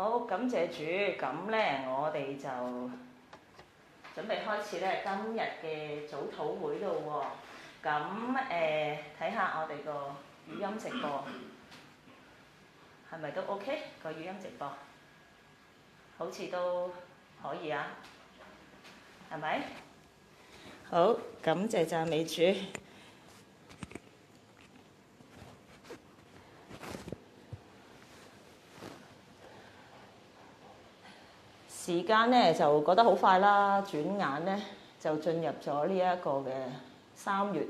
好，感謝主，咁呢，我哋就準備開始咧今日嘅早禱會咯喎。咁誒，呃、睇下我哋個語音直播係咪都 OK？個語音直播好似都可以啊，係咪？好，感謝讚美主。時間咧就覺得好快啦，轉眼咧就進入咗、呃、呢一個嘅三月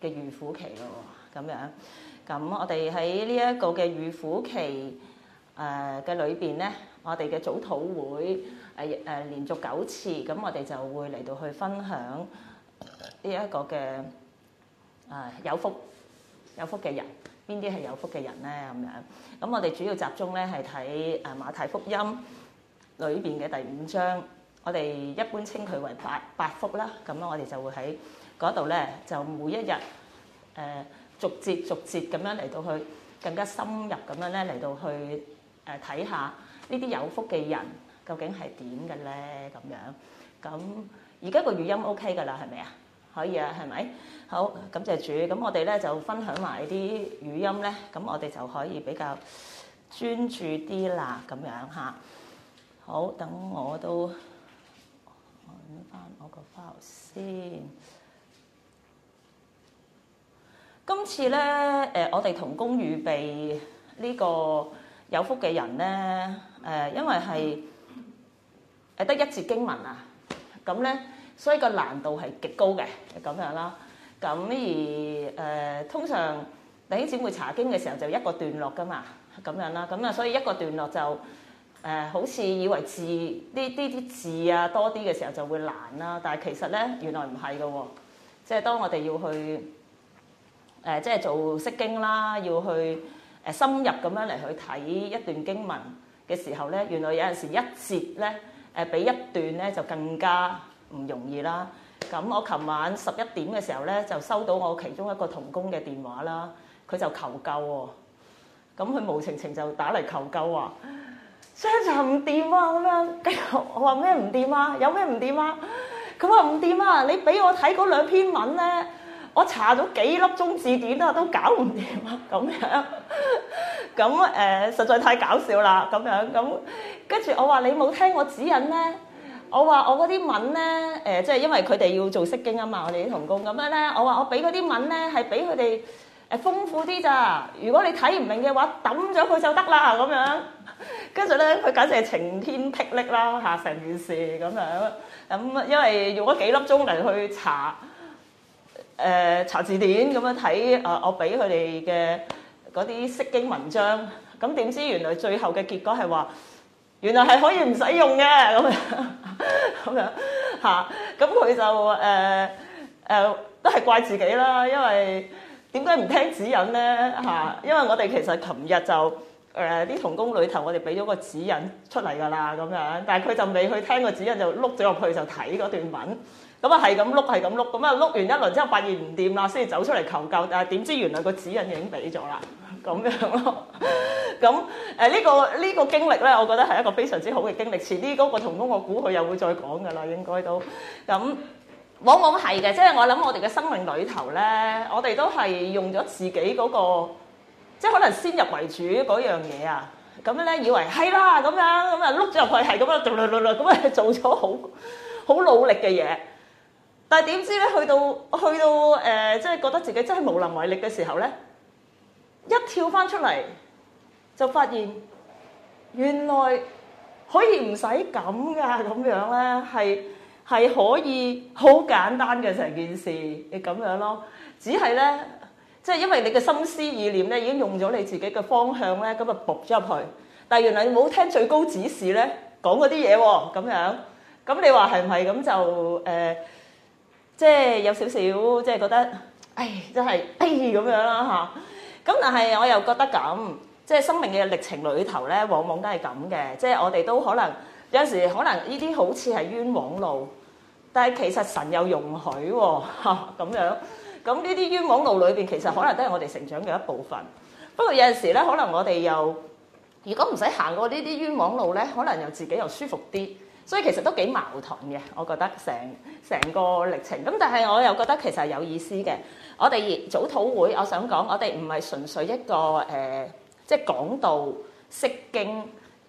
嘅預苦期咯。咁樣咁，我哋喺呢一個嘅預苦期誒嘅裏邊咧，我哋嘅早禱會誒誒連續九次，咁我哋就會嚟到去分享呢一個嘅啊、呃、有福有福嘅人，邊啲係有福嘅人咧？咁樣咁，樣樣我哋主要集中咧係睇誒馬太福音，裏邊嘅第五章，我哋一般稱佢為八八福啦。咁啊，我哋就會喺嗰度咧，就每一日誒逐節逐節咁樣嚟到去更加深入咁樣咧嚟到去誒睇、呃、下呢啲有福嘅人究竟係點嘅咧？咁樣咁而家個語音 O K 㗎啦，係咪啊？可以啊，係咪？好，感謝主。咁我哋咧就分享埋啲語音咧，咁我哋就可以比較專注啲啦，咁樣嚇。好，等我都揾翻我個花頭先。今次咧，誒我哋同工預備呢個有福嘅人咧，誒因為係誒得一節經文啊，咁咧，所以個難度係極高嘅咁樣啦。咁而誒通常弟兄姊妹查經嘅時候就一個段落噶嘛，咁樣啦，咁啊，所以一個段落就。誒、呃、好似以為字呢呢啲字啊多啲嘅時候就會難啦，但係其實咧原來唔係嘅喎，即係當我哋要去誒、呃、即係做釋經啦，要去誒、呃、深入咁樣嚟去睇一段經文嘅時候咧，原來有陣時一節咧誒比一段咧就更加唔容易啦。咁我琴晚十一點嘅時候咧就收到我其中一個同工嘅電話啦，佢就求救喎、哦，咁佢無情情就打嚟求救話、啊。真就唔掂啊！咁樣，跟住我話咩唔掂啊？有咩唔掂啊？佢話唔掂啊！你俾我睇嗰兩篇文咧，我查咗幾粒鐘字典啊，都搞唔掂啊！咁樣，咁誒、呃，實在太搞笑啦！咁樣，咁跟住我話你冇聽我指引咧，我話我嗰啲文咧，誒、呃，即、就、係、是、因為佢哋要做釋經啊嘛，我哋啲同工咁樣咧，我話我俾嗰啲文咧係俾佢哋。誒豐富啲咋？如果你睇唔明嘅話，揼咗佢就得啦咁樣。跟住咧，佢簡直係晴天霹靂啦嚇！成件事咁樣咁，因為用咗幾粒鐘嚟去查誒、呃、查字典咁樣睇啊、呃，我俾佢哋嘅嗰啲釋經文章。咁點知原來最後嘅結果係話，原來係可以唔使用嘅咁樣咁樣嚇。咁佢就誒誒都係怪自己啦，因為。因為點解唔聽指引咧？嚇、啊，因為我哋其實琴日就誒啲同工裏頭，我哋俾咗個指引出嚟㗎啦，咁樣。但係佢就未去聽個指引，就碌咗入去就睇嗰段文。咁啊，係咁碌，係咁碌。咁啊，碌完一輪之後發現唔掂啦，先至走出嚟求救。但係點知原來個指引已經俾咗啦，咁樣咯。咁誒呢個呢個經歷咧，我覺得係一個非常之好嘅經歷。遲啲嗰個同工，我估佢又會再講㗎啦，應該都咁。往往係嘅，即係我諗我哋嘅生命裏頭咧，我哋都係用咗自己嗰個，即係可能先入為主嗰樣嘢啊，咁咧以為係啦，咁樣，咁啊碌咗入去，係咁啊，咁啊做咗好好努力嘅嘢，但係點知咧，去到去到誒，即係覺得自己真係無能為力嘅時候咧，一跳翻出嚟就發現原來可以唔使咁㗎，咁樣咧，係。係可以好簡單嘅成件事，你咁樣咯。只係咧，即係因為你嘅心思意念咧，已經用咗你自己嘅方向咧，咁啊撲咗入去。但係原來你冇聽最高指示咧，講嗰啲嘢喎，咁樣。咁你話係唔係咁就誒、呃？即係有少少，即係覺得，唉，真係，唉，咁樣啦吓，咁、啊、但係我又覺得咁，即係生命嘅歷程裏頭咧，往往都係咁嘅。即係我哋都可能。有陣時可能呢啲好似係冤枉路，但係其實神又容許喎、哦，嚇、啊、咁樣。咁呢啲冤枉路裏邊，其實可能都係我哋成長嘅一部分。不過有陣時咧，可能我哋又如果唔使行過呢啲冤枉路咧，可能又自己又舒服啲。所以其實都幾矛盾嘅，我覺得成成個歷程。咁但係我又覺得其實有意思嘅。我哋早禱會，我想講，我哋唔係純粹一個誒、呃，即係講道、釋經。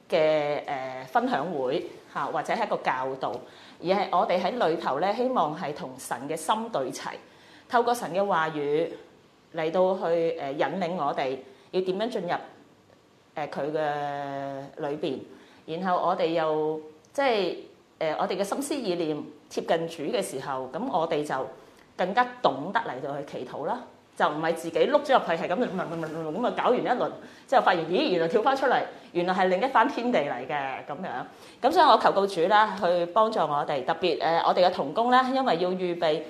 嘅誒，分享會嚇，或者係一個教導，而係我哋喺裏頭咧，希望係同神嘅心對齊，透過神嘅話語嚟到去誒引領我哋要點樣進入誒佢嘅裏邊。然後我哋又即係誒我哋嘅心思意念貼近主嘅時候，咁我哋就更加懂得嚟到去祈禱啦。就唔係自己碌咗入去，係咁咪咪咪咪咁啊！搞完一輪之後，發現咦，原來跳翻出嚟，原來係另一番天地嚟嘅咁樣。咁所以我求告主啦，去幫助我哋。特別誒，我哋嘅同工咧，因為要預備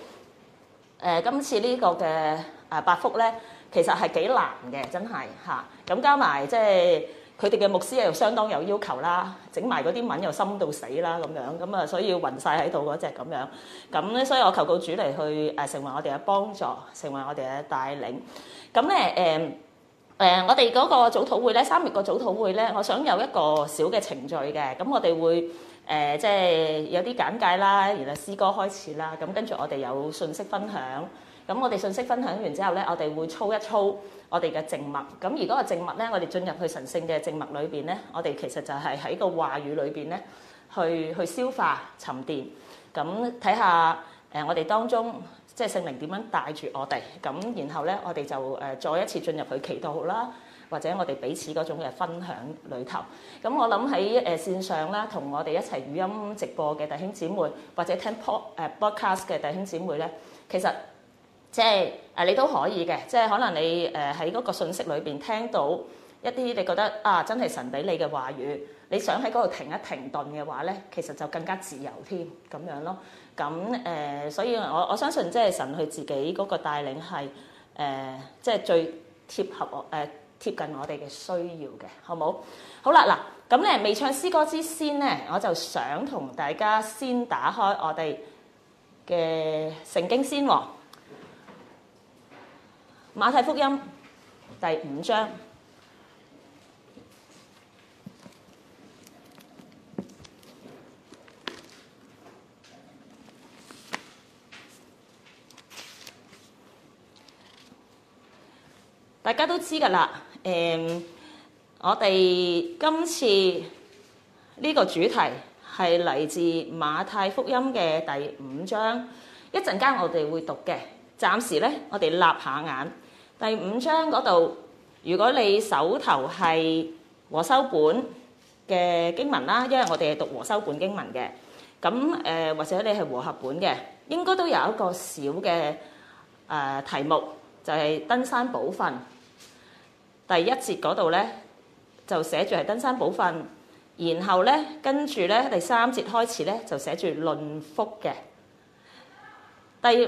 誒今次呢個嘅誒八福咧，其實係幾難嘅，真係嚇。咁加埋即係。佢哋嘅牧師又相當有要求啦，整埋嗰啲文又深到死啦咁樣，咁啊所以要暈晒喺度嗰隻咁樣，咁咧所以我求告主嚟去誒成為我哋嘅幫助，成為我哋嘅帶領。咁咧誒誒，我哋嗰個早禱會咧，三月個早禱會咧，我想有一個小嘅程序嘅，咁我哋會誒即係有啲簡介啦，然後詩歌開始啦，咁跟住我哋有信息分享，咁我哋信息分享完之後咧，我哋會操一操。我哋嘅靜默，咁而嗰個靜默咧，我哋進入去神聖嘅靜默裏邊咧，我哋其實就係喺個話語裏邊咧，去去消化沉澱，咁睇下誒我哋當中即係聖靈點樣帶住我哋，咁然後咧我哋就誒再一次進入去祈禱啦，或者我哋彼此嗰種嘅分享裏頭，咁我諗喺誒線上啦同我哋一齊語音直播嘅弟兄姊妹，或者聽 po 誒 podcast 嘅弟兄姊妹咧，其實。即係誒，你都可以嘅。即係可能你誒喺嗰個信息裏邊聽到一啲你覺得啊，真係神俾你嘅話語。你想喺嗰度停一停頓嘅話咧，其實就更加自由添咁樣咯。咁誒、呃，所以我我相信即係神佢自己嗰個帶領係、呃、即係最貼合我誒、呃、貼近我哋嘅需要嘅，好冇好啦嗱。咁咧，未唱詩歌之先咧，我就想同大家先打開我哋嘅聖經先喎。馬太福音第五章，大家都知㗎喇。誒，我哋今次呢個主題係嚟自馬太福音嘅第五章，一陣間我哋會讀嘅。暫時咧，我哋立下眼。第五章嗰度，如果你手頭係和修本嘅經文啦，因為我哋係讀和修本經文嘅。咁誒或者你係和合本嘅，應該都有一個小嘅誒題目，就係登山寶訓。第一節嗰度咧就寫住係登山寶訓，然後咧跟住咧第三節開始咧就寫住論福嘅。第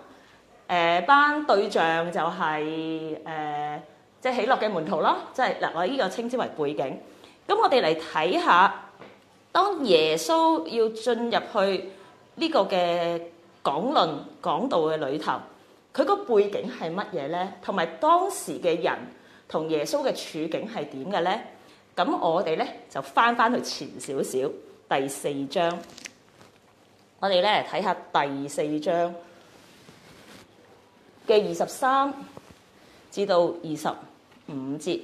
誒、呃、班對象就係，是，誒、呃、即係喜樂嘅門徒啦，即係嗱我呢個稱之為背景。咁我哋嚟睇下，當耶穌要進入去呢個嘅講論講道嘅裏頭，佢個背景係乜嘢咧？同埋當時嘅人同耶穌嘅處境係點嘅咧？咁我哋咧就翻翻去前少少第四章，我哋咧嚟睇下第四章。嘅二十三至到二十五節，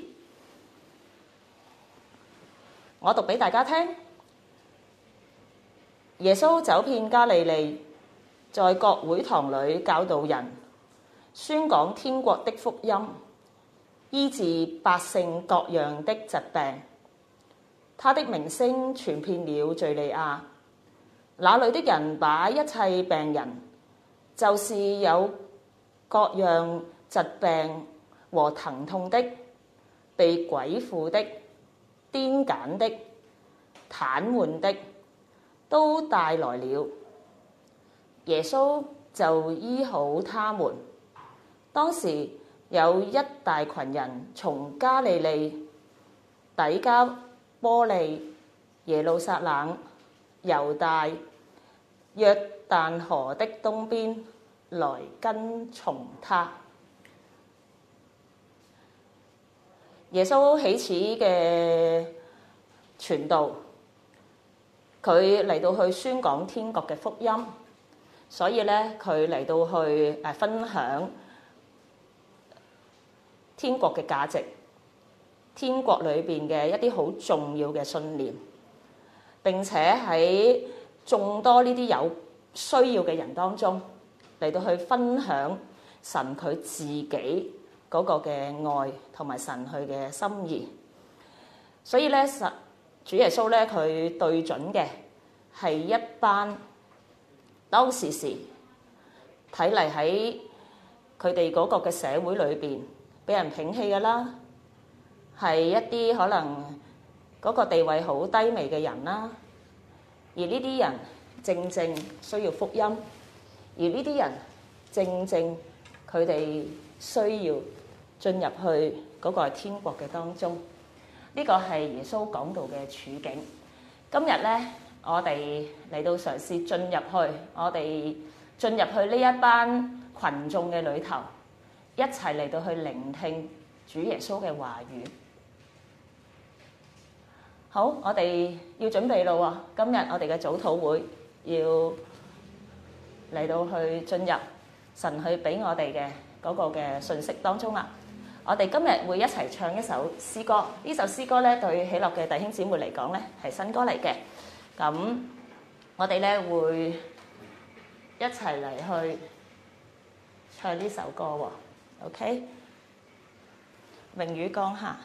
我讀俾大家聽。耶穌走遍加利利，在各會堂裏教導人，宣講天國的福音，醫治百姓各樣的疾病。他的名聲傳遍了敍利亞，那裏的人把一切病人，就是有。各樣疾病和疼痛的、被鬼附的、癲癇的、癱瘓的，都帶來了。耶穌就醫好他們。當時有一大群人從加利利、底加波利、耶路撒冷、猶大、約旦河的東邊，來跟從他。耶穌起始嘅傳道，佢嚟到去宣講天國嘅福音，所以咧佢嚟到去誒分享天國嘅價值，天國裏面嘅一啲好重要嘅信念，並且喺眾多呢啲有需要嘅人當中。嚟到去分享神佢自己嗰個嘅愛同埋神佢嘅心意，所以咧，神主耶穌咧，佢對準嘅，係一班當時時睇嚟喺佢哋嗰個嘅社會裏邊俾人摒棄噶啦，係一啲可能嗰個地位好低微嘅人啦，而呢啲人正正需要福音。而呢啲人正正佢哋需要進入去嗰個係天國嘅當中，呢個係耶穌講道嘅處境。今日咧，我哋嚟到嘗試進入去，我哋進入去呢一班羣眾嘅裏頭，一齊嚟到去聆聽主耶穌嘅話語。好，我哋要準備喇！今日我哋嘅早禱會要嚟到去進入神去俾我哋嘅嗰個嘅信息當中啦。我哋今日會一齊唱一首詩歌，呢首詩歌咧，對喜樂嘅弟兄姊妹嚟講咧，係新歌嚟嘅。咁我哋咧會一齊嚟去唱呢首歌喎。OK，榮宇江下。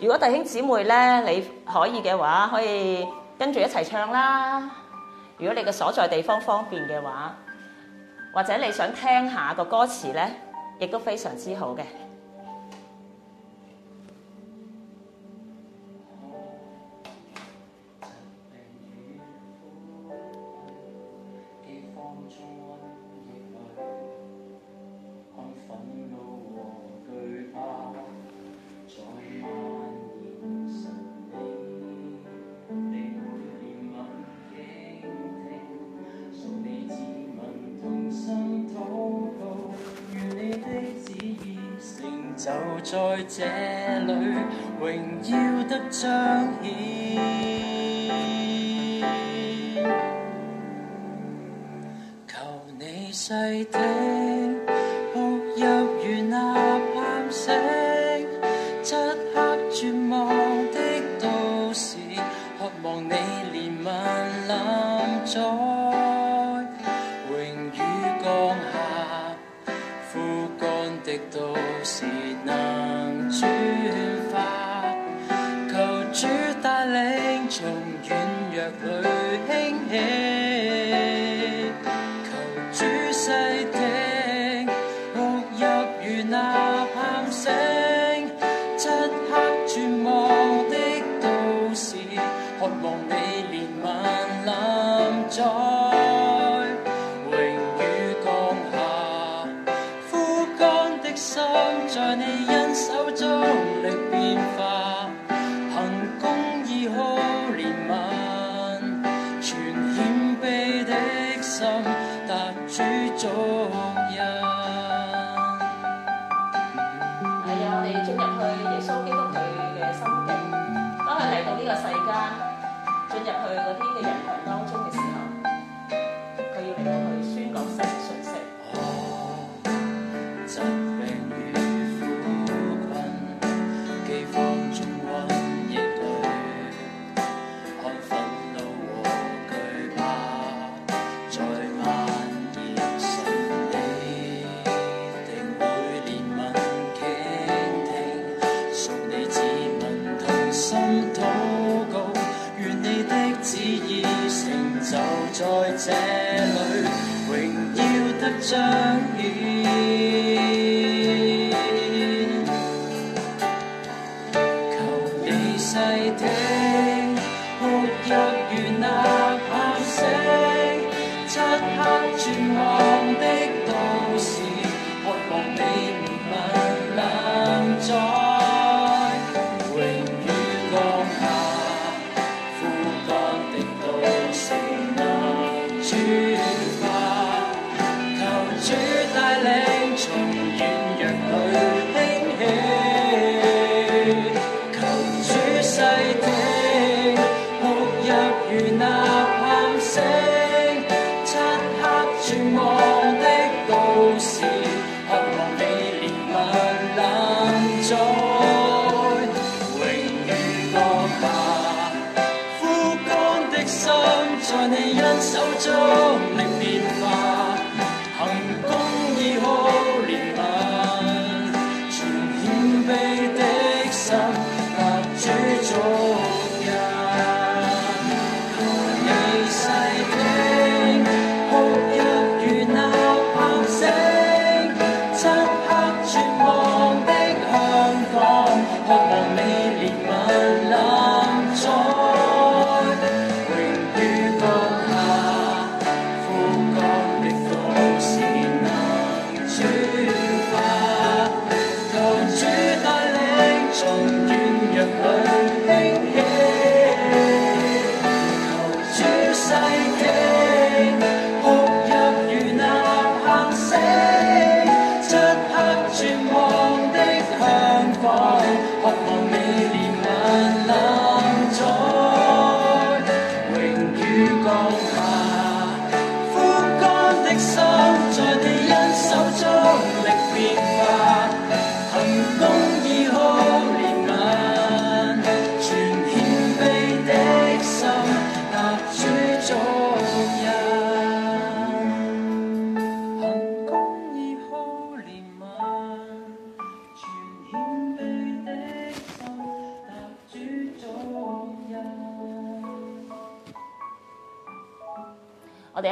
如果弟兄姊妹咧，你可以嘅話，可以跟住一齊唱啦。如果你嘅所在地方方便嘅話，或者你想聽下個歌詞咧，亦都非常之好嘅。在這裡，榮耀得彰顯。求你細聽。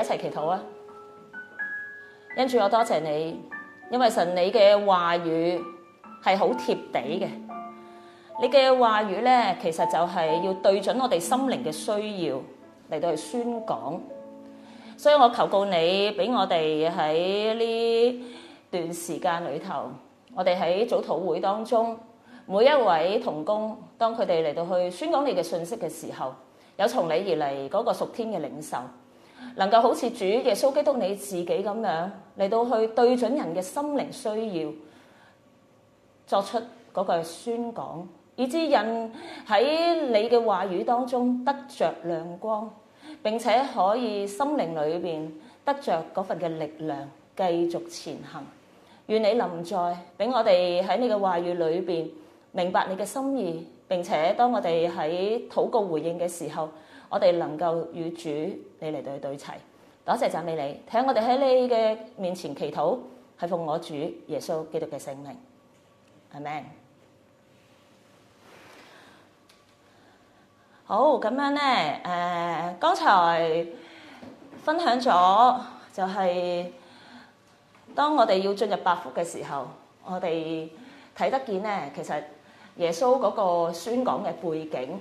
一齊祈禱啊！跟住我多謝你，因為神，你嘅話語係好貼地嘅，你嘅話語咧，其實就係要對準我哋心靈嘅需要嚟到去宣講。所以我求告你，俾我哋喺呢段時間裏頭，我哋喺早禱會當中，每一位同工，當佢哋嚟到去宣講你嘅信息嘅時候，有從你而嚟嗰、那個屬天嘅領受。能夠好似主耶穌基督你自己咁樣嚟到去對準人嘅心靈需要作出嗰句宣講，以致人喺你嘅話語當中得着亮光，並且可以心靈裏邊得着嗰份嘅力量繼續前行。願你臨在，俾我哋喺你嘅話語裏邊明白你嘅心意，並且當我哋喺禱告回應嘅時候，我哋能夠與主你嚟對對齊，多謝讚美你。睇我哋喺你嘅面前祈禱，係奉我主耶穌基督嘅聖名，阿門。好，咁樣咧，誒、呃，剛才分享咗就係當我哋要進入百福嘅時候，我哋睇得見咧，其實耶穌嗰個宣講嘅背景。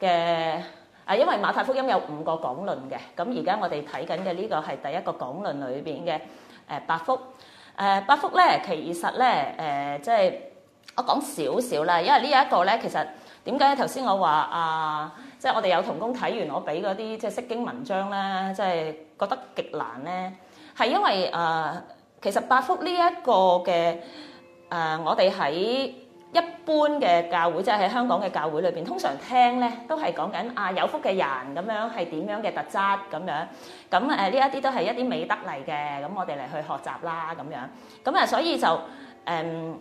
嘅啊，因為馬太福音有五個講論嘅。咁而家我哋睇緊嘅呢個係第一個講論裏邊嘅誒八福，誒八福咧其實咧誒、呃、即係我講少少啦，因為呢一個咧其實點解頭先我話啊、呃，即係我哋有同工睇完我俾嗰啲即係釋經文章咧，即係覺得極難咧，係因為啊、呃，其實八福呢一個嘅誒、呃、我哋喺一般嘅教會即係喺香港嘅教會裏邊，通常聽咧都係講緊啊有福嘅人咁樣係點樣嘅特質咁樣。咁誒呢一啲都係一啲美德嚟嘅，咁我哋嚟去學習啦咁樣。咁啊，所以就誒、嗯，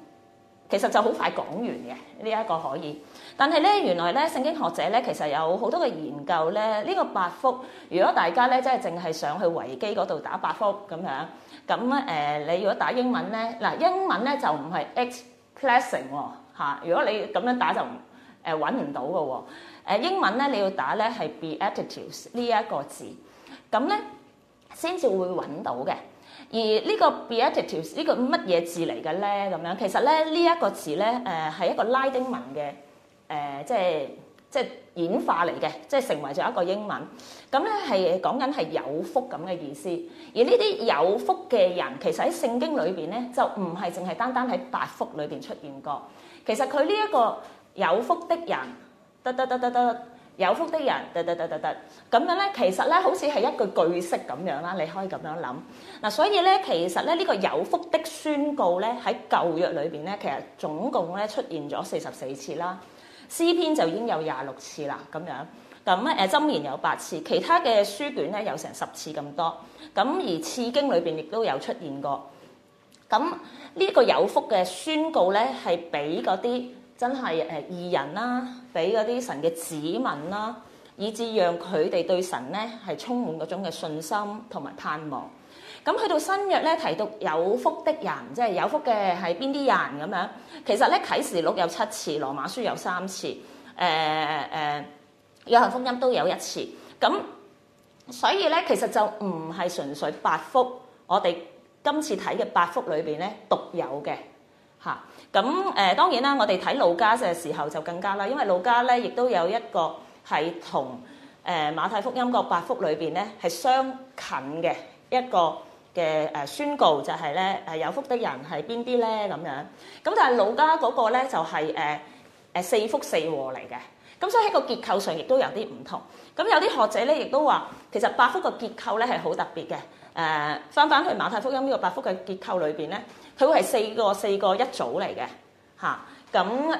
其實就好快講完嘅呢一個可以。但係咧，原來咧聖經學者咧其實有好多嘅研究咧，呢、這個八福。如果大家咧真係淨係上去維基嗰度打八福咁樣，咁誒、呃，你如果打英文咧，嗱英文咧就唔係 eight blessing 喎。嚇！如果你咁樣打就誒揾唔到嘅喎。誒英文咧，你要打咧係 Beatitudes 呢一個字，咁咧先至會揾到嘅。而呢個 Beatitudes 呢個乜嘢字嚟嘅咧？咁樣其實咧呢一個字咧誒係一個拉丁文嘅誒，即係即係演化嚟嘅，即係成為咗一個英文。咁咧係講緊係有福咁嘅意思。而呢啲有福嘅人其實喺聖經裏邊咧就唔係淨係單單喺八福裏邊出現過。其實佢呢一個有福的人，得得得得得，有福的人，得得得得得，咁樣咧，其實咧，好似係一句句式咁樣啦，你可以咁樣諗。嗱，所以咧，其實咧，呢個有福的宣告咧，喺舊約裏邊咧，其實總共咧出現咗四十四次啦。詩篇就已經有廿六次啦，咁樣。咁誒，箴言有八次，其他嘅書卷咧有成十次咁多。咁而次經裏邊亦都有出現過。咁呢個有福嘅宣告咧，係俾嗰啲真係誒義人啦、啊，俾嗰啲神嘅子民啦、啊，以致讓佢哋對神咧係充滿嗰種嘅信心同埋盼望。咁去到新約咧提到有福的人，即係有福嘅係邊啲人咁樣？其實咧啟示錄有七次，羅馬書有三次，誒、呃、誒、呃，約翰福音都有一次。咁所以咧其實就唔係純粹八福，我哋。今次睇嘅八福裏邊咧，獨有嘅嚇。咁、啊、誒當然啦，我哋睇路加嘅時候就更加啦，因為路加咧亦都有一個係同誒、呃、馬太福音個八福裏邊咧係相近嘅一個嘅誒宣告，就係咧誒有福的人係邊啲咧咁樣。咁但係路加嗰個咧就係誒誒四福四禍嚟嘅。咁、啊、所以喺個結構上亦都有啲唔同。咁有啲學者咧亦都話，其實八福個結構咧係好特別嘅。誒翻翻去馬太福音呢個八福嘅結構裏邊咧，佢會係四個四個一組嚟嘅，吓咁誒誒，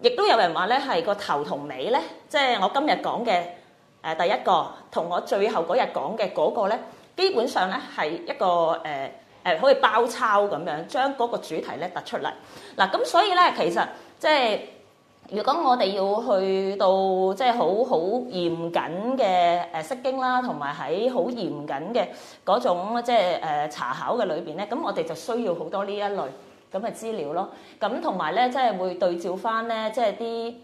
亦、呃、都有人話咧係個頭同尾咧，即、就、係、是、我今日講嘅誒第一個，同我最後嗰日講嘅嗰個咧，基本上咧係一個誒誒、呃，好似包抄咁樣，將嗰個主題咧突出嚟。嗱、啊、咁所以咧，其實即係。就是如果我哋要去到即係好好嚴謹嘅誒釋經啦，同埋喺好嚴謹嘅嗰種即係誒查考嘅裏邊咧，咁我哋就需要好多呢一類咁嘅資料咯。咁同埋咧，即係會對照翻咧，即係啲。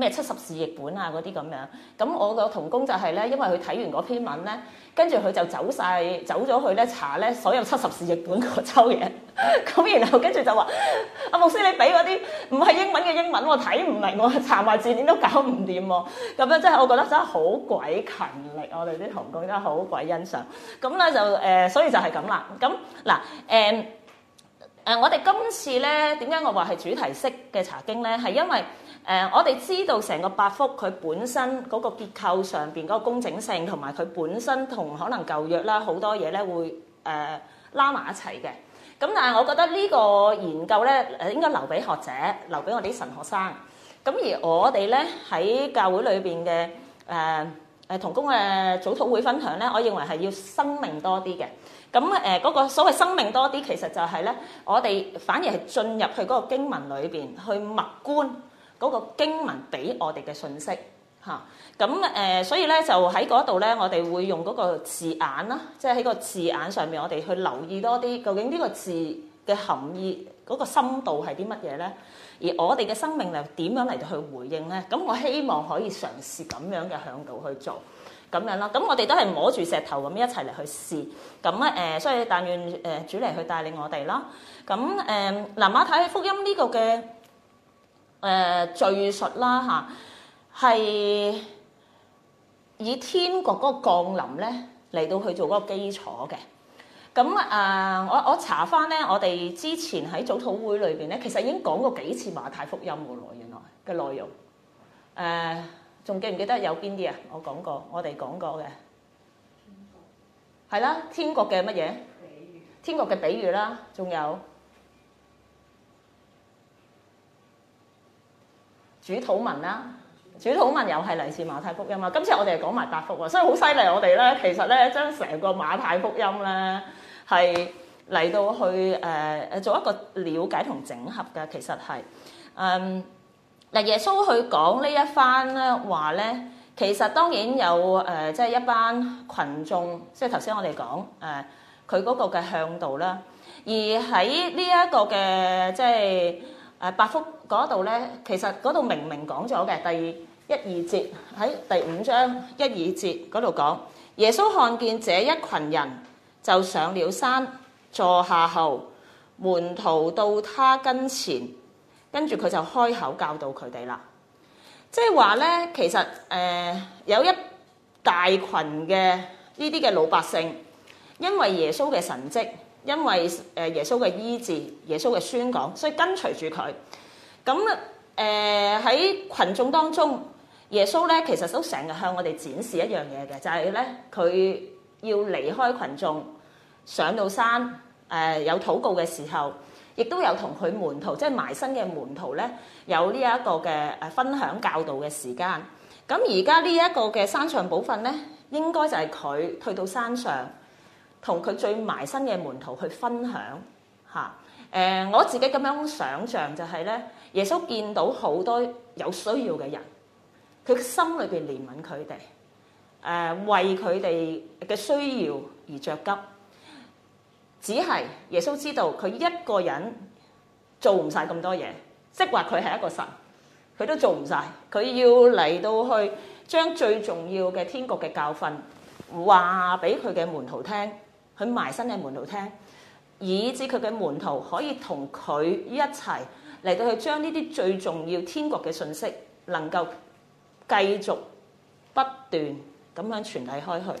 咩七十士譯本啊嗰啲咁樣，咁我個同工就係咧，因為佢睇完嗰篇文咧，跟住佢就走晒，走咗去咧查咧所有七十士譯本個抽嘢，咁 然後跟住就話：阿、啊、牧師，你俾嗰啲唔係英文嘅英文、啊，我睇唔明，我查埋字典都搞唔掂喎。咁咧，即係我覺得真係好鬼勤力，我哋啲同工真係好鬼欣賞。咁咧就誒、呃，所以就係咁啦。咁嗱誒。誒，我哋今次咧點解我話係主題式嘅查經咧？係因為誒，我哋知道成個八福佢本身嗰個結構上邊嗰個工整性，同埋佢本身同可能舊約啦好多嘢咧會誒拉埋一齊嘅。咁但係我覺得呢個研究咧誒，應該留俾學者，留俾我哋啲神學生。咁而我哋咧喺教會裏邊嘅誒誒同工誒早禱會分享咧，我認為係要生命多啲嘅。咁誒嗰個所謂生命多啲，其實就係咧，我哋反而係進入去嗰個經文裏邊，去默觀嗰個經文俾我哋嘅信息嚇。咁、啊、誒、呃，所以咧就喺嗰度咧，我哋會用嗰個字眼啦，即係喺個字眼上面，我哋去留意多啲，究竟呢個字嘅含義嗰個深度係啲乜嘢咧？而我哋嘅生命又點樣嚟到去回應咧？咁我希望可以嘗試咁樣嘅響度去做。咁樣咯，咁我哋都係摸住石頭咁一齊嚟去試，咁誒、呃，所以但願誒主嚟去帶領我哋、呃呃、啦。咁誒，嗱，馬太福音呢個嘅誒敘述啦吓，係以天國嗰個降臨咧嚟到去做嗰個基礎嘅。咁啊、呃，我我查翻咧，我哋之前喺早禱會裏邊咧，其實已經講過幾次馬太福音嘅原來嘅內容，誒、呃。仲記唔記得有邊啲啊？我講過，我哋講過嘅，係啦，天國嘅乜嘢？天國嘅比喻啦，仲有主禱文啦，主禱文又係嚟自馬太福音啊！今次我哋係講埋八福啊，所以好犀利我哋咧，其實咧將成個馬太福音咧係嚟到去誒做一個了解同整合嘅，其實係嗯。嗱，耶穌去講呢一番咧話咧，其實當然有誒，即係一班群眾，即係頭先我哋講誒，佢嗰個嘅向度啦。而喺呢一個嘅即係誒八福嗰度咧，其實嗰度明明講咗嘅第一二節喺第五章一二節嗰度講，耶穌看見這一群人就上了山坐下後，門徒到他跟前。跟住佢就開口教導佢哋啦，即係話咧，其實誒、呃、有一大群嘅呢啲嘅老百姓，因為耶穌嘅神蹟，因為誒耶穌嘅醫治、耶穌嘅宣講，所以跟隨住佢。咁咧喺群眾當中，耶穌咧其實都成日向我哋展示一樣嘢嘅，就係咧佢要離開群眾，上到山誒、呃、有禱告嘅時候。亦都有同佢門徒，即係埋身嘅門徒咧，有呢一個嘅誒分享教導嘅時間。咁而家呢一個嘅山上寶訓咧，應該就係佢退到山上，同佢最埋身嘅門徒去分享嚇。誒，我自己咁樣想象就係咧，耶穌見到好多有需要嘅人，佢心裏邊憐憫佢哋，誒為佢哋嘅需要而著急。只係耶穌知道佢一個人做唔晒咁多嘢，即係話佢係一個神，佢都做唔晒。佢要嚟到去將最重要嘅天國嘅教訓話俾佢嘅門徒聽，佢埋身喺門徒聽，以至佢嘅門徒可以同佢一齊嚟到去將呢啲最重要天國嘅信息能夠繼續不斷咁樣傳遞開去。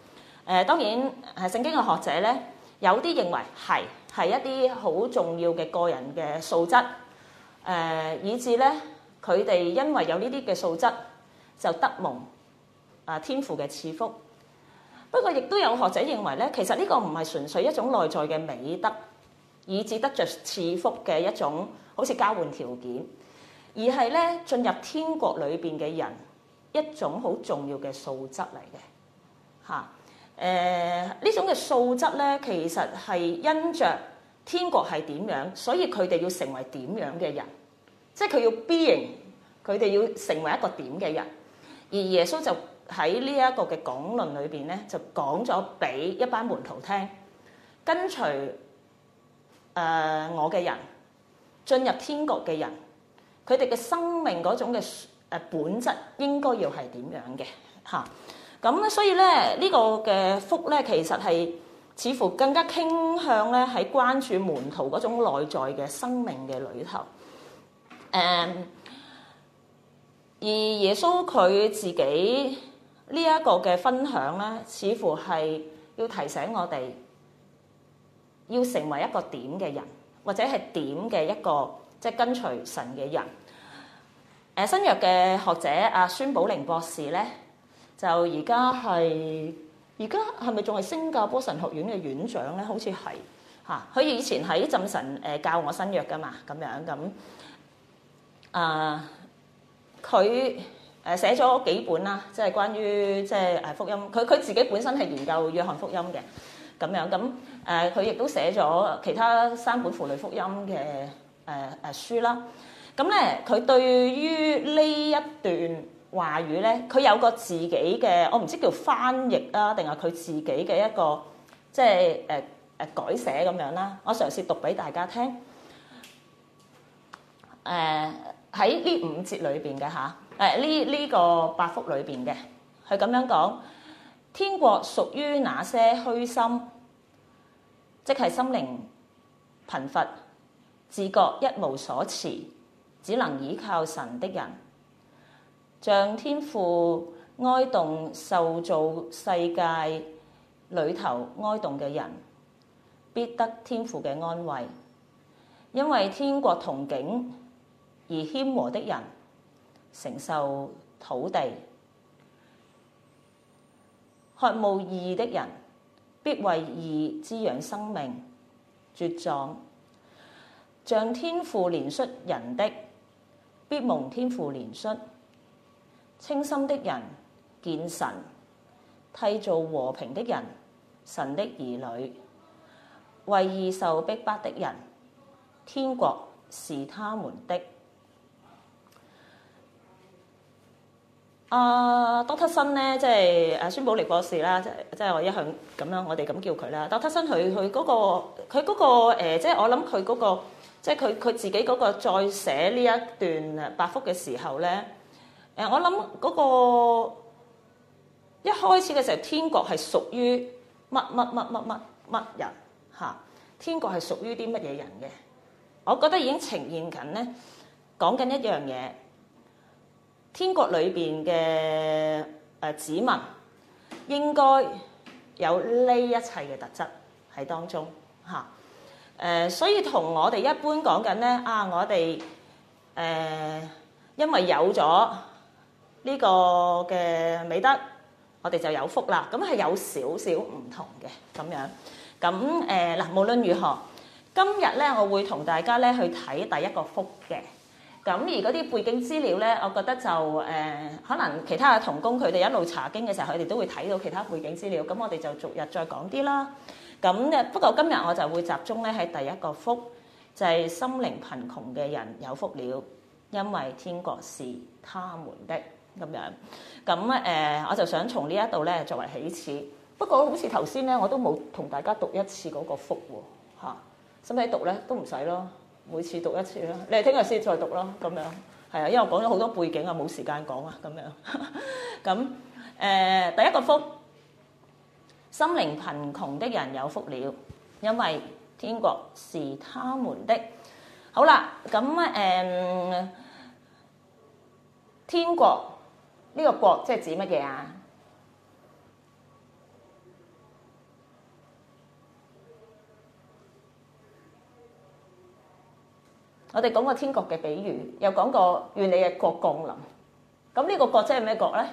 誒當然係聖經嘅學者咧，有啲認為係係一啲好重要嘅個人嘅素質，誒、呃，以致咧佢哋因為有呢啲嘅素質就得蒙啊天父嘅賜福。不過，亦都有學者認為咧，其實呢個唔係純粹一種內在嘅美德，以致得着賜福嘅一種好似交換條件，而係咧進入天國裏邊嘅人一種好重要嘅素質嚟嘅嚇。誒、呃、呢種嘅素質咧，其實係因着天國係點樣，所以佢哋要成為點樣嘅人，即係佢要 being，佢哋要成為一個點嘅人。而耶穌就喺呢一個嘅講論裏邊咧，就講咗俾一班門徒聽，跟隨誒、呃、我嘅人進入天國嘅人，佢哋嘅生命嗰種嘅誒本質應該要係點樣嘅嚇？咁咧，所以咧呢、呢個嘅福咧，其實係似乎更加傾向咧喺關注門徒嗰種內在嘅生命嘅裏頭。誒、嗯，而耶穌佢自己呢一個嘅分享咧，似乎係要提醒我哋要成為一個點嘅人，或者係點嘅一個即係、就是、跟隨神嘅人。誒、呃，新約嘅學者阿孫寶玲博士咧。就而家係，而家係咪仲係新加坡神學院嘅院長咧？好似係嚇，佢以前喺浸神誒教我新約噶嘛，咁樣咁。誒，佢誒寫咗幾本啦，即係關於即係誒福音。佢佢自己本身係研究約翰福音嘅，咁樣咁誒，佢亦都寫咗其他三本符類福音嘅誒誒書啦。咁咧，佢對於呢一段。話語咧，佢有個自己嘅，我唔知叫翻譯啦、啊，定係佢自己嘅一個即係誒誒改寫咁樣啦。我嘗試讀俾大家聽。誒喺呢五節裏邊嘅嚇，誒呢呢個八福裏邊嘅係咁樣講：天國屬於那些虛心，即係心靈貧乏、自覺一無所持，只能依靠神的人。像天父哀動受造世界裏頭哀動嘅人，必得天父嘅安慰，因為天國同境而謙和的人承受土地，渴慕義的人必為義滋養生命茁壯，像天父憐恤人的，必蒙天父憐恤。清心的人見神，締造和平的人，神的兒女，為義受逼迫的人，天國是他們的。阿 Doctor 森咧，即係阿孫寶力博士啦，即係即係我一向咁樣啦，我哋咁叫佢啦。Doctor 森佢佢嗰個佢嗰、嗰個、呃、即係我諗佢嗰個，即係佢佢自己嗰個再寫呢一段百福嘅時候咧。我諗嗰個一開始嘅時候，天國係屬於乜乜乜乜乜乜人吓？天國係屬於啲乜嘢人嘅？我覺得已經呈現緊咧，講緊一樣嘢，天國裏邊嘅誒子民應該有呢一切嘅特質喺當中吓。誒、啊呃，所以同我哋一般講緊咧啊，我哋誒、呃、因為有咗。呢個嘅美德，我哋就有福啦。咁係有少少唔同嘅咁樣。咁誒嗱，無論如何，今日咧，我會同大家咧去睇第一個福嘅。咁而嗰啲背景資料咧，我覺得就誒、呃，可能其他嘅同工佢哋一路查經嘅時候，佢哋都會睇到其他背景資料。咁我哋就逐日再講啲啦。咁咧，不過今日我就會集中咧喺第一個福，就係、是、心靈貧窮嘅人有福了，因為天國是他們的。咁樣，咁誒、嗯呃，我就想從呢一度咧作為起始。不過好似頭先咧，我都冇同大家讀一次嗰個福喎、啊，嚇、啊。使唔使讀咧？都唔使咯，每次讀一次啦、啊。你哋聽日先再讀咯，咁樣。係啊，因為我講咗好多背景啊，冇時間講啊，咁樣。咁 誒、呃，第一個福，心靈貧窮的人有福了，因為天國是他們的。好啦，咁誒、嗯，天國。呢個國即係指乜嘢啊？我哋講過天國嘅比喻，又講過願你嘅國降臨。咁呢個國即係咩國呢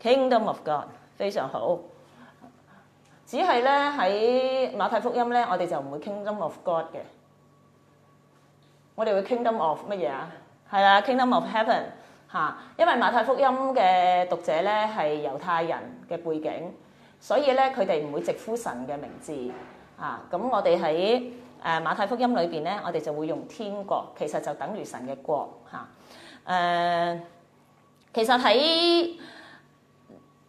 ？Kingdom of God，非常好。只係呢喺馬太福音呢，我哋就唔會 Kingdom of God 嘅。我哋會 Kingdom of 乜嘢啊？係啦，Kingdom of Heaven 嚇，因為馬太福音嘅讀者咧係猶太人嘅背景，所以咧佢哋唔會直呼神嘅名字啊。咁我哋喺誒馬太福音裏邊咧，我哋就會用天國」，其實就等於神嘅國嚇。誒、呃，其實喺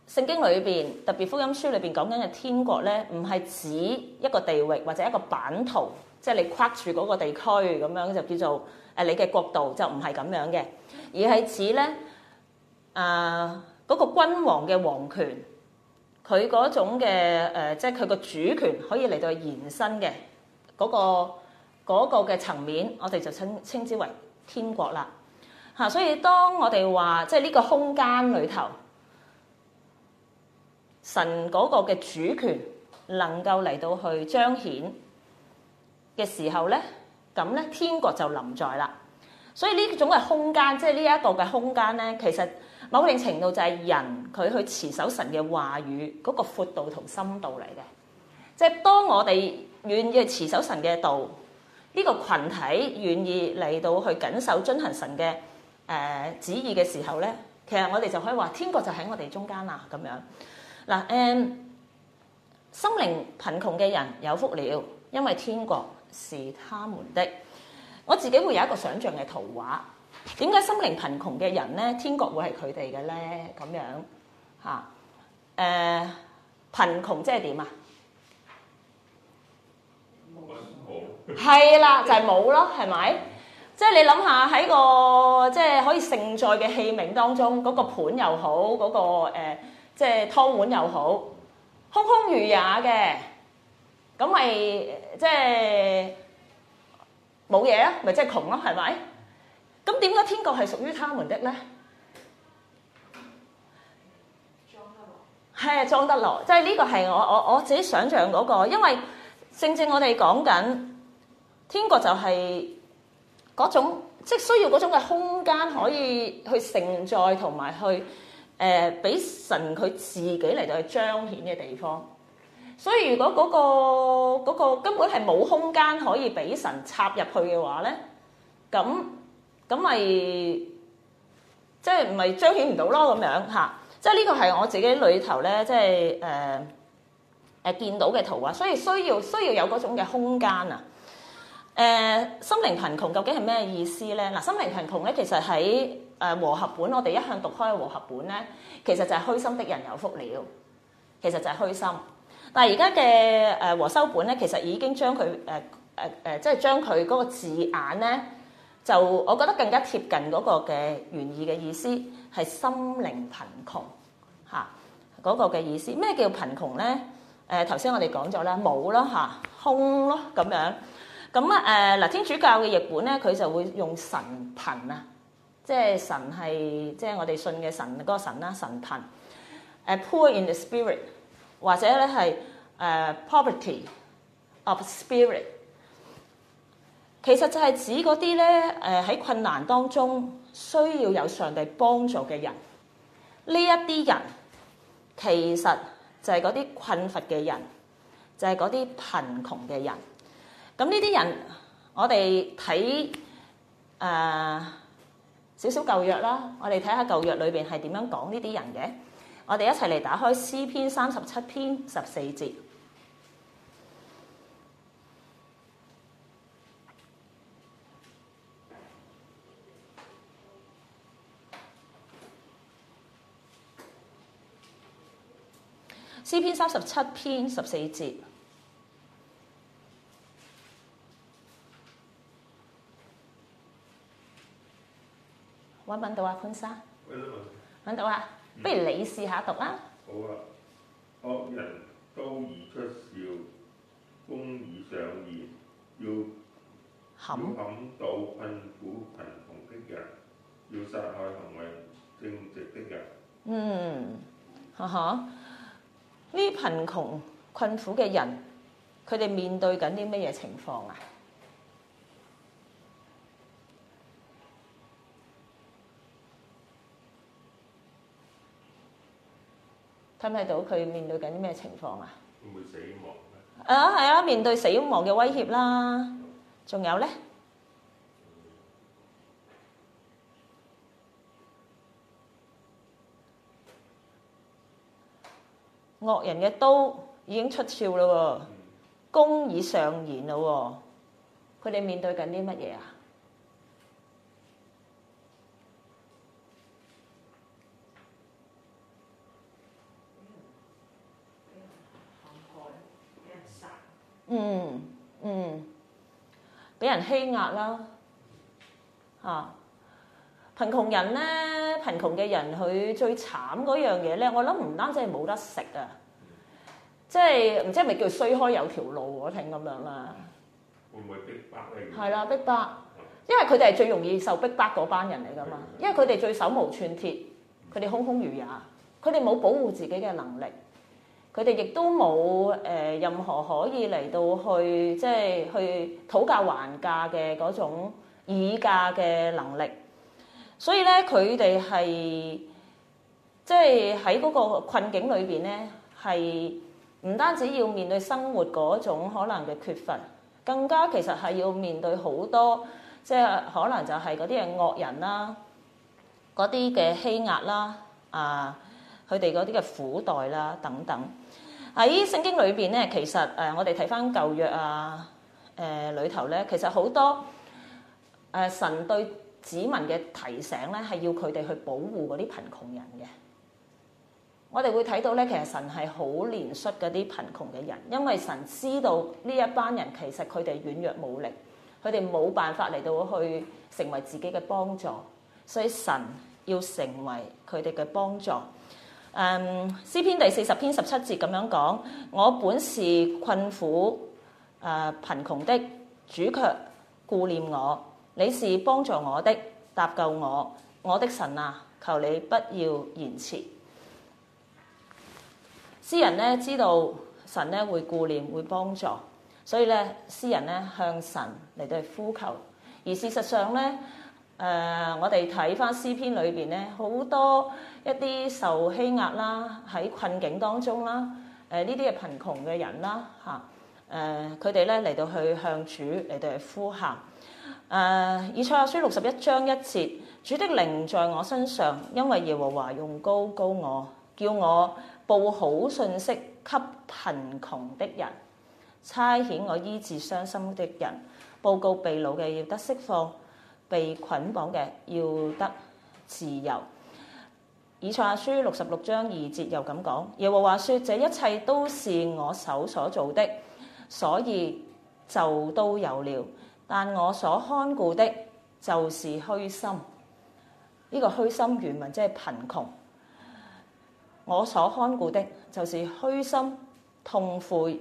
聖經裏邊，特別福音書裏邊講緊嘅天國呢」咧，唔係指一個地域或者一個版圖，即係你框住嗰個地區咁樣就叫做。誒你嘅國度就唔係咁樣嘅，而係指咧誒嗰個君王嘅皇權，佢嗰種嘅誒、呃，即係佢個主權可以嚟到延伸嘅嗰個嗰個嘅層面，我哋就稱稱之為天國啦。嚇、啊！所以當我哋話即係呢個空間裏頭，神嗰個嘅主權能夠嚟到去彰顯嘅時候咧。咁咧，天國就臨在啦。所以呢種嘅空間，即係呢一個嘅空間咧，其實某程度就係人佢去持守神嘅話語嗰、那個闊度同深度嚟嘅。即係當我哋願意去持守神嘅道，呢、這個群體願意嚟到去謹守遵行神嘅誒、呃、旨意嘅時候咧，其實我哋就可以話天國就喺我哋中間啦。咁樣嗱誒、嗯，心靈貧窮嘅人有福了，因為天國是他們的，我自己會有一個想像嘅圖畫。點解心靈貧窮嘅人咧，天國會係佢哋嘅咧？咁樣嚇誒，貧窮即係點啊？冇。係啦，就係冇咯，係咪？即係你諗下喺個即係可以盛載嘅器皿當中，嗰個盤又好，嗰個即係湯碗又好，空空如也嘅。咁咪即係冇嘢啊？咪即係窮咯，係咪？咁點解天國係屬於他們的咧？裝得，係啊，裝得落，即係呢個係我我我自己想象嗰個，因為正正我哋講緊天國就係嗰種即係需要嗰種嘅空間，可以去承載同埋去誒俾神佢自己嚟到去彰顯嘅地方。所以如果嗰個嗰個根本係冇空間可以俾神插入去嘅話咧，咁咁咪即係唔係彰顯唔到咯咁樣嚇？即係呢個係我自己裏頭咧，即係誒誒見到嘅圖畫。所以需要需要有嗰種嘅空間啊！誒、呃，心靈貧窮究竟係咩意思咧？嗱、呃，心靈貧窮咧，其實喺誒、呃、和合本，我哋一向讀開嘅和合本咧，其實就係虛心的人有福了，其實就係虛心。但係而家嘅誒和修本咧，其實已經將佢誒誒誒，即係將佢嗰個字眼咧，就我覺得更加貼近嗰個嘅原意嘅意思係心靈貧窮嚇嗰個嘅意思。咩、啊那個、叫貧窮咧？誒頭先我哋講咗啦，冇咯嚇、啊，空咯咁樣。咁啊誒嗱，天主教嘅譯本咧，佢就會用神貧啊，即係神係即係我哋信嘅神嗰、那個神啦，神貧誒 poor in the spirit。或者咧係誒 poverty of spirit，其實就係指啲咧誒喺困難當中需要有上帝幫助嘅人，呢一啲人其實就係啲困乏嘅人，就係、是、啲貧窮嘅人。咁呢啲人，我哋睇誒少少舊約啦，我哋睇下舊約裏邊係點樣講呢啲人嘅。我哋一齊嚟打開詩篇三十七篇十四節。詩篇三十七篇十四節。揾唔揾到啊，潘生？揾到啦。不如你試下讀啦。好啊，惡人都已出鞘，弓已上弦，要要揞到困苦貧窮的人，要殺害行為正直的人。嗯，啊哈，呢貧窮困苦嘅人，佢哋面對緊啲乜嘢情況啊？睇唔睇到佢面對緊啲咩情況啊？會唔會死亡咧？啊，係啊，面對死亡嘅威脅啦。仲有咧，惡人嘅刀已經出鞘咯，弓已上弦咯。佢哋面對緊啲乜嘢啊？嗯嗯，俾人欺壓啦，啊！貧窮人咧，貧窮嘅人佢最慘嗰樣嘢咧，我諗唔單止係冇得食啊，即係唔知係咪叫衰開有條路我聽咁樣啦。會唔會逼迫咧？係啦，逼迫，因為佢哋係最容易受逼迫嗰班人嚟噶嘛，因為佢哋最手無寸鐵，佢哋空空如也，佢哋冇保護自己嘅能力。佢哋亦都冇誒任何可以嚟到去即係去討價還價嘅嗰種議價嘅能力，所以咧佢哋係即係喺嗰個困境裏邊咧，係唔單止要面對生活嗰種可能嘅缺乏，更加其實，係要面對好多即係可能就係嗰啲嘅惡人啦，嗰啲嘅欺壓啦，啊佢哋嗰啲嘅苦待啦等等。喺聖經裏邊咧，其實誒我哋睇返舊約啊，誒、呃、裏頭咧，其實好多誒、呃、神對子民嘅提醒咧，係要佢哋去保護嗰啲貧窮人嘅。我哋會睇到咧，其實神係好憐恤嗰啲貧窮嘅人，因為神知道呢一班人其實佢哋軟弱無力，佢哋冇辦法嚟到去成為自己嘅幫助，所以神要成為佢哋嘅幫助。誒詩、um, 篇第四十篇十七節咁樣講：我本是困苦、誒貧窮的，主卻顧念我，你是幫助我的，搭救我。我的神啊，求你不要延遲。詩人咧知道神咧會顧念會幫助，所以咧詩人咧向神嚟到呼求。而事實上咧，誒、呃、我哋睇返詩篇裏邊咧好多。一啲受欺壓啦，喺困境當中啦，誒、呃啊呃、呢啲係貧窮嘅人啦，嚇，誒佢哋咧嚟到去向主嚟到呼喊，誒、呃、以賽亞書六十一章一節，主的靈在我身上，因為耶和華用膏膏我，叫我報好信息給貧窮的人，差遣我醫治傷心的人，報告被擄嘅要得釋放，被捆綁嘅要得自由。以賽亞書六十六章二節又咁講：耶和華說：這一切都是我手所做的，所以就都有了。但我所看顧的就是虛心，呢、這個虛心原文即係貧窮。我所看顧的就是虛心痛悔，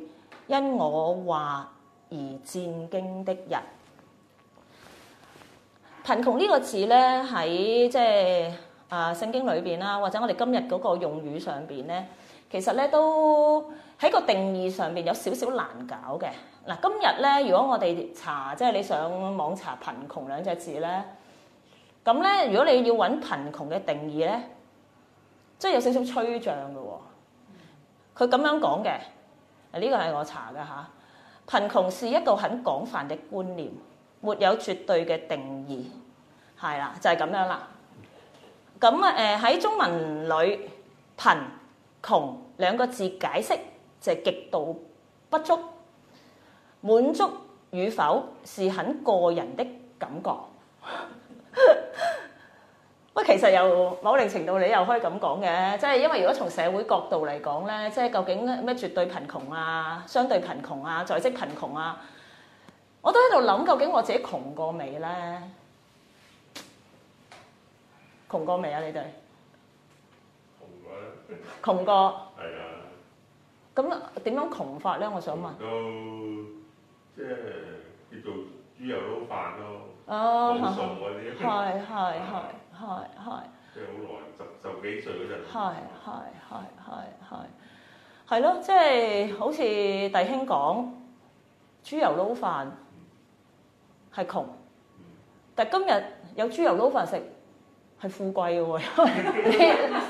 因我話而戰驚的人。貧窮呢個字咧，喺即係。就是啊，聖經裏邊啦，或者我哋今日嗰個用語上邊咧，其實咧都喺個定義上邊有少少難搞嘅。嗱，今日咧，如果我哋查即係、就是、你上網查貧窮兩隻字咧，咁咧如果你要揾貧窮嘅定義咧，即、就、係、是、有少少抽象嘅喎。佢咁樣講嘅，呢、這個係我查嘅吓。貧窮是一個很廣泛嘅觀念，沒有絕對嘅定義，係啦，就係、是、咁樣啦。咁啊，誒喺、嗯、中文裡貧窮兩個字解釋就係、是、極度不足，滿足與否是很個人的感覺。喂， 其實又某程度你又可以咁講嘅，即係因為如果從社會角度嚟講咧，即係究竟咩絕對貧窮啊、相對貧窮啊、在職貧窮啊，我都喺度諗究竟我自己窮過未咧。窮過未啊？你哋窮過，窮過，係啊。咁點樣窮法咧？我想問都即係叫做豬油撈飯咯，冇餸嗰啲，係係係係係，即係好耐，十十幾歲嗰陣，係係係係係，係咯，即係好似弟兄講豬油撈飯係窮，但今日有豬油撈飯食。係富貴嘅喎，你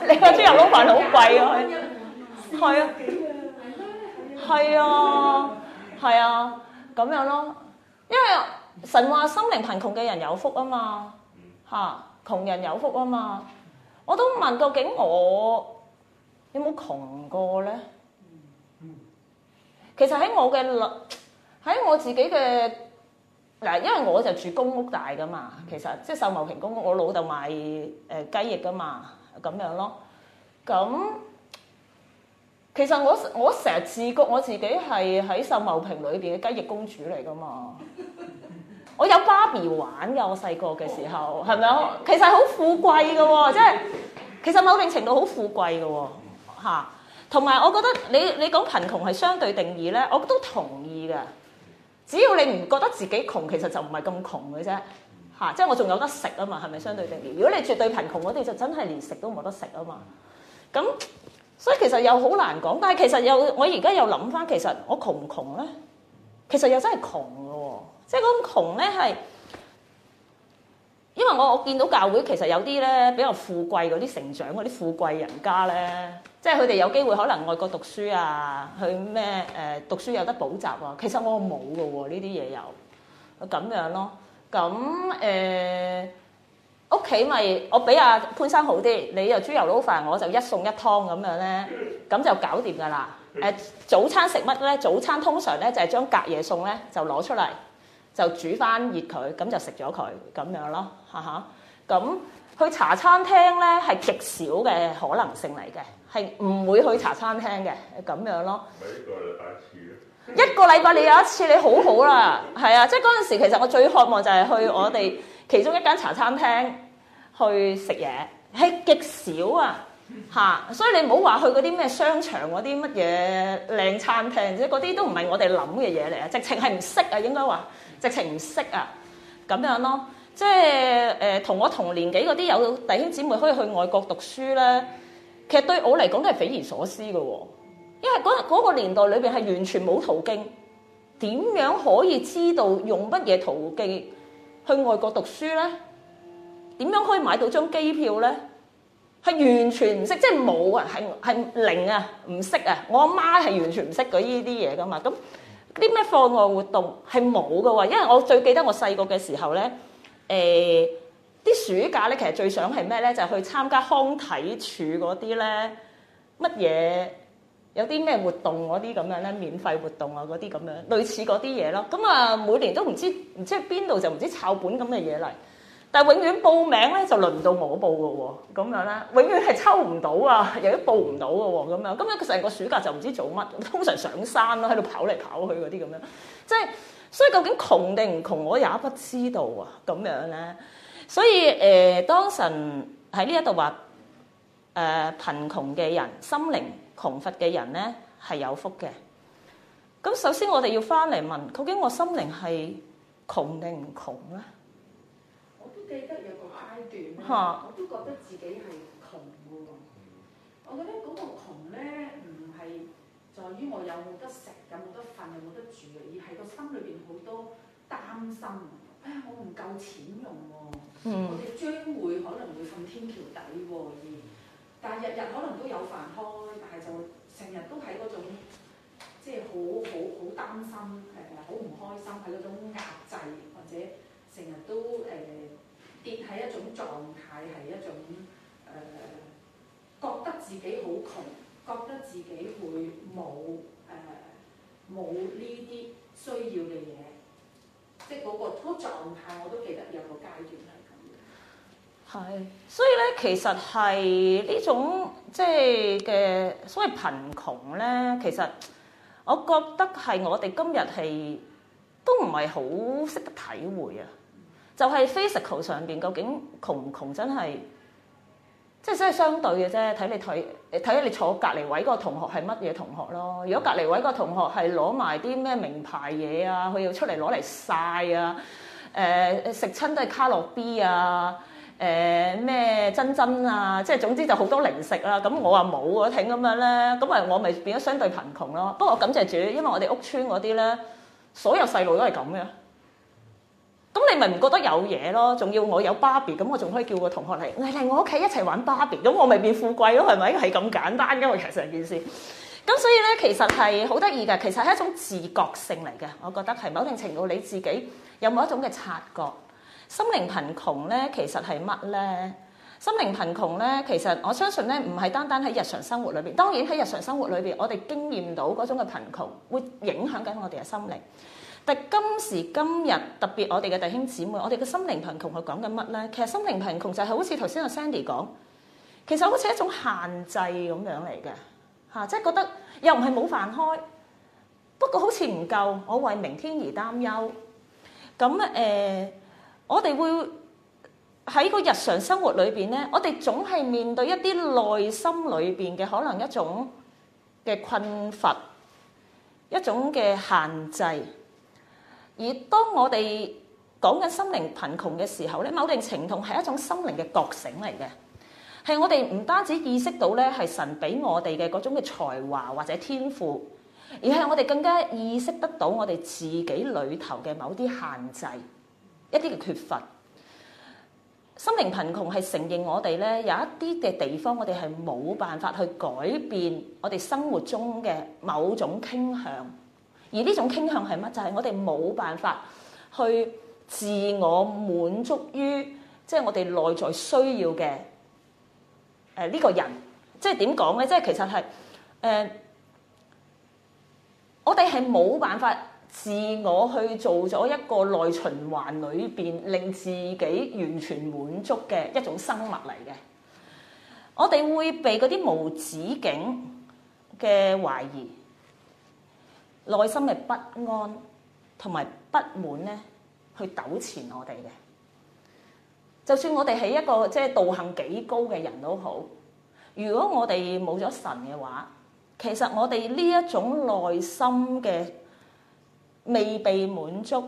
你個豬油撈飯好貴啊！係啊，係啊，係啊，咁樣咯。因為神話心靈貧窮嘅人有福啊嘛，嚇、啊、窮人有福啊嘛。我都問究竟我有冇窮過咧？其實喺我嘅喺我自己嘅。嗱，因為我就住公屋大噶嘛，其實即係秀茂坪公屋，我老豆賣誒雞翼噶嘛，咁樣咯。咁其實我我成日自覺我自己係喺秀茂坪裏邊嘅雞翼公主嚟噶嘛。 我有芭比玩㗎，我細個嘅時候係咪啊？ 其實好富貴嘅喎，即係其實某程度好富貴嘅喎嚇。同埋我覺得你你講貧窮係相對定義咧，我都同意嘅。只要你唔覺得自己窮，其實就唔係咁窮嘅啫，嚇、啊，即係我仲有得食啊嘛，係咪相對定義？如果你絕對貧窮，我哋就真係連食都冇得食啊嘛。咁所以其實又好難講，但係其實又我而家又諗翻，其實我窮唔窮咧？其實又真係窮嘅喎，即係嗰種窮咧係，因為我我見到教會其實有啲咧比較富貴嗰啲成長嗰啲富貴人家咧。即係佢哋有機會可能外國讀書啊，去咩誒讀書有得補習啊，其實我冇㗎喎，呢啲嘢又，咁樣咯。咁誒屋企咪我畀阿潘生好啲，你又豬油撈飯，我就一餸一湯咁樣咧，咁就搞掂㗎啦。誒早餐食乜咧？早餐通常咧就係將隔夜餸咧就攞出嚟就煮翻熱佢，咁就食咗佢咁樣咯，嚇嚇咁。去茶餐廳咧係極少嘅可能性嚟嘅，係唔會去茶餐廳嘅咁樣咯。咪一個禮拜一次咯。一個禮拜你有一次你好好啦，係啊，即係嗰陣時其實我最渴望就係去我哋其中一間茶餐廳去食嘢，係極少啊吓，啊，所以你唔好話去嗰啲咩商場嗰啲乜嘢靚餐廳，即係嗰啲都唔係我哋諗嘅嘢嚟啊，直情係唔識啊，應該話直情唔識啊，咁樣咯。即係誒，同我同年紀嗰啲有弟兄姊妹可以去外國讀書咧，其實對我嚟講都係匪夷所思嘅。因為嗰嗰個年代裏邊係完全冇途徑，點樣可以知道用乜嘢途徑去外國讀書咧？點樣可以買到張機票咧？係完全唔識，即係冇啊，係係零啊，唔識啊。我阿媽係完全唔識嗰呢啲嘢噶嘛。咁啲咩課外活動係冇嘅喎，因為我最記得我細個嘅時候咧。誒啲、哎、暑假咧，其實最想係咩咧？就係、去參加康體處嗰啲咧，乜嘢有啲咩活動嗰啲咁樣咧，免費活動啊嗰啲咁樣，類似嗰啲嘢咯。咁啊，每年都唔知唔知邊度就唔知抄本咁嘅嘢嚟，但係永遠報名咧就輪到我報嘅喎，咁樣咧永遠係抽唔到啊，又都報唔到嘅喎，咁樣咁樣佢成個暑假就唔知做乜，通常上山咯，喺度跑嚟跑去嗰啲咁樣，即係。所以究竟窮定唔窮，我也不知道啊，咁樣咧。所以誒、呃，當神喺呢一度話誒貧窮嘅人、心靈窮乏嘅人咧係有福嘅。咁首先我哋要翻嚟問，究竟我心靈係窮定唔窮咧？我都記得有個階段，我都覺得自己係窮嘅。我覺得嗰個窮咧。在於我有冇得食，有冇得瞓，有冇得住，而係個心裏邊好多擔心。誒、哎，我唔夠錢用喎、啊，嗯、我哋將會可能會瞓天橋底喎、啊。而但係日日可能都有飯開，但係就成日都喺嗰種即係好好好擔心誒，好、呃、唔開心，喺嗰種壓制或者成日都誒、呃、跌喺一種狀態，係一種誒、呃、覺得自己好窮。覺得自己會冇誒冇呢啲需要嘅嘢，即係嗰、嗰個嗰狀態，嗰個、我都記得有個階段係咁嘅。係，所以咧，其實係呢種即係嘅所謂貧窮咧，其實我覺得係我哋今日係都唔係好識得體會啊。嗯、就係 physical 上邊，究竟窮唔窮真係？即係真係相對嘅啫，睇你睇，睇你坐隔離位個同學係乜嘢同學咯。如果隔離位個同學係攞埋啲咩名牌嘢啊，佢要出嚟攞嚟晒啊，誒食親都係卡樂 B 啊，誒、呃、咩珍珍啊，即係總之就好多零食啦。咁我話冇啊，挺咁樣咧，咁咪我咪變咗相對貧窮咯。不過我感謝主，因為我哋屋村嗰啲咧，所有細路都係咁嘅。咁你咪唔覺得有嘢咯？仲要我有芭比，咁我仲可以叫個同學嚟嚟嚟我屋企一齊玩芭比，咁我咪變富貴咯？係咪？係咁簡單噶嘛，其實成件事。咁所以咧，其實係好得意嘅，其實係一種自覺性嚟嘅。我覺得係某程度你自己有某一種嘅察覺。心靈貧窮咧，其實係乜咧？心靈貧窮咧，其實我相信咧，唔係單單喺日常生活裏邊。當然喺日常生活裏邊，我哋經驗到嗰種嘅貧窮，會影響緊我哋嘅心靈。但今時今日，特別我哋嘅弟兄姊妹，我哋嘅心靈貧窮，佢講緊乜咧？其實心靈貧窮就係好似頭先阿 Sandy 講，其實好似一種限制咁樣嚟嘅嚇，即係覺得又唔係冇飯開，不過好似唔夠，我為明天而擔憂。咁誒、呃，我哋會喺個日常生活裏邊咧，我哋總係面對一啲內心裏邊嘅可能一種嘅困乏，一種嘅限制。而當我哋講緊心靈貧窮嘅時候咧，某種程度係一種心靈嘅覺醒嚟嘅，係我哋唔單止意識到咧，係神俾我哋嘅嗰種嘅才華或者天賦，而係我哋更加意識得到我哋自己裏頭嘅某啲限制，一啲嘅缺乏。心靈貧窮係承認我哋咧，有一啲嘅地方，我哋係冇辦法去改變我哋生活中嘅某種傾向。而呢種傾向係乜？就係、是、我哋冇辦法去自我滿足於即係我哋內在需要嘅誒呢個人，即係點講咧？即係其實係誒、呃，我哋係冇辦法自我去做咗一個內循環裏邊令自己完全滿足嘅一種生物嚟嘅。我哋會被嗰啲無止境嘅懷疑內心嘅不安同埋不滿咧，去糾纏我哋嘅。就算我哋係一個即係、就是、道行幾高嘅人都好，如果我哋冇咗神嘅話，其實我哋呢一種內心嘅未被滿足，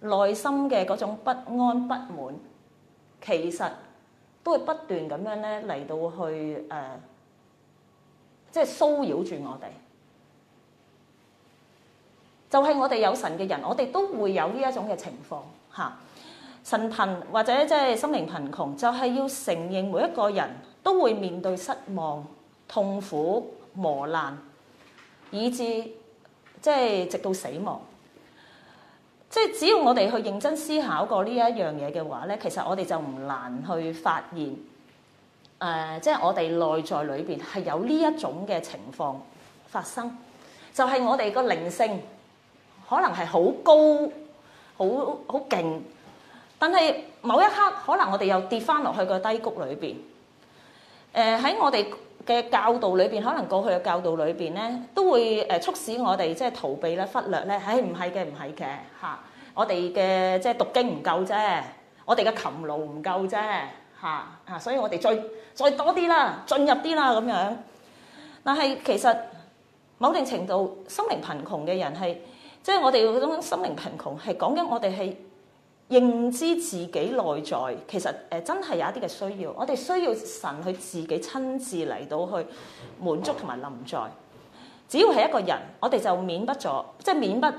內心嘅嗰種不安不滿，其實都會不斷咁樣咧嚟到去誒，即係騷擾住我哋。就係我哋有神嘅人，我哋都會有呢一種嘅情況嚇、啊。神貧或者即係心靈貧窮，就係、是、要承認每一個人都會面對失望、痛苦、磨難，以至即係直到死亡。即、就、係、是、只要我哋去認真思考過呢一樣嘢嘅話咧，其實我哋就唔難去發現，誒、呃，即、就、係、是、我哋內在裏邊係有呢一種嘅情況發生，就係、是、我哋個靈性。可能係好高，好好勁，但係某一刻可能我哋又跌翻落去個低谷裏邊。誒喺我哋嘅教導裏邊，可能過去嘅教導裏邊咧，都會誒促使我哋即係逃避咧、忽略咧。誒唔係嘅，唔係嘅嚇。我哋嘅即係讀經唔夠啫，我哋嘅祈禱唔夠啫嚇啊，所以我哋再再多啲啦，進入啲啦咁樣。但係其實某定程度，心靈貧窮嘅人係。即係我哋嗰種心靈貧窮係講緊我哋係認知自己內在其實誒、呃、真係有一啲嘅需要，我哋需要神去自己親自嚟到去滿足同埋臨在。只要係一個人，我哋就免不咗即係免不了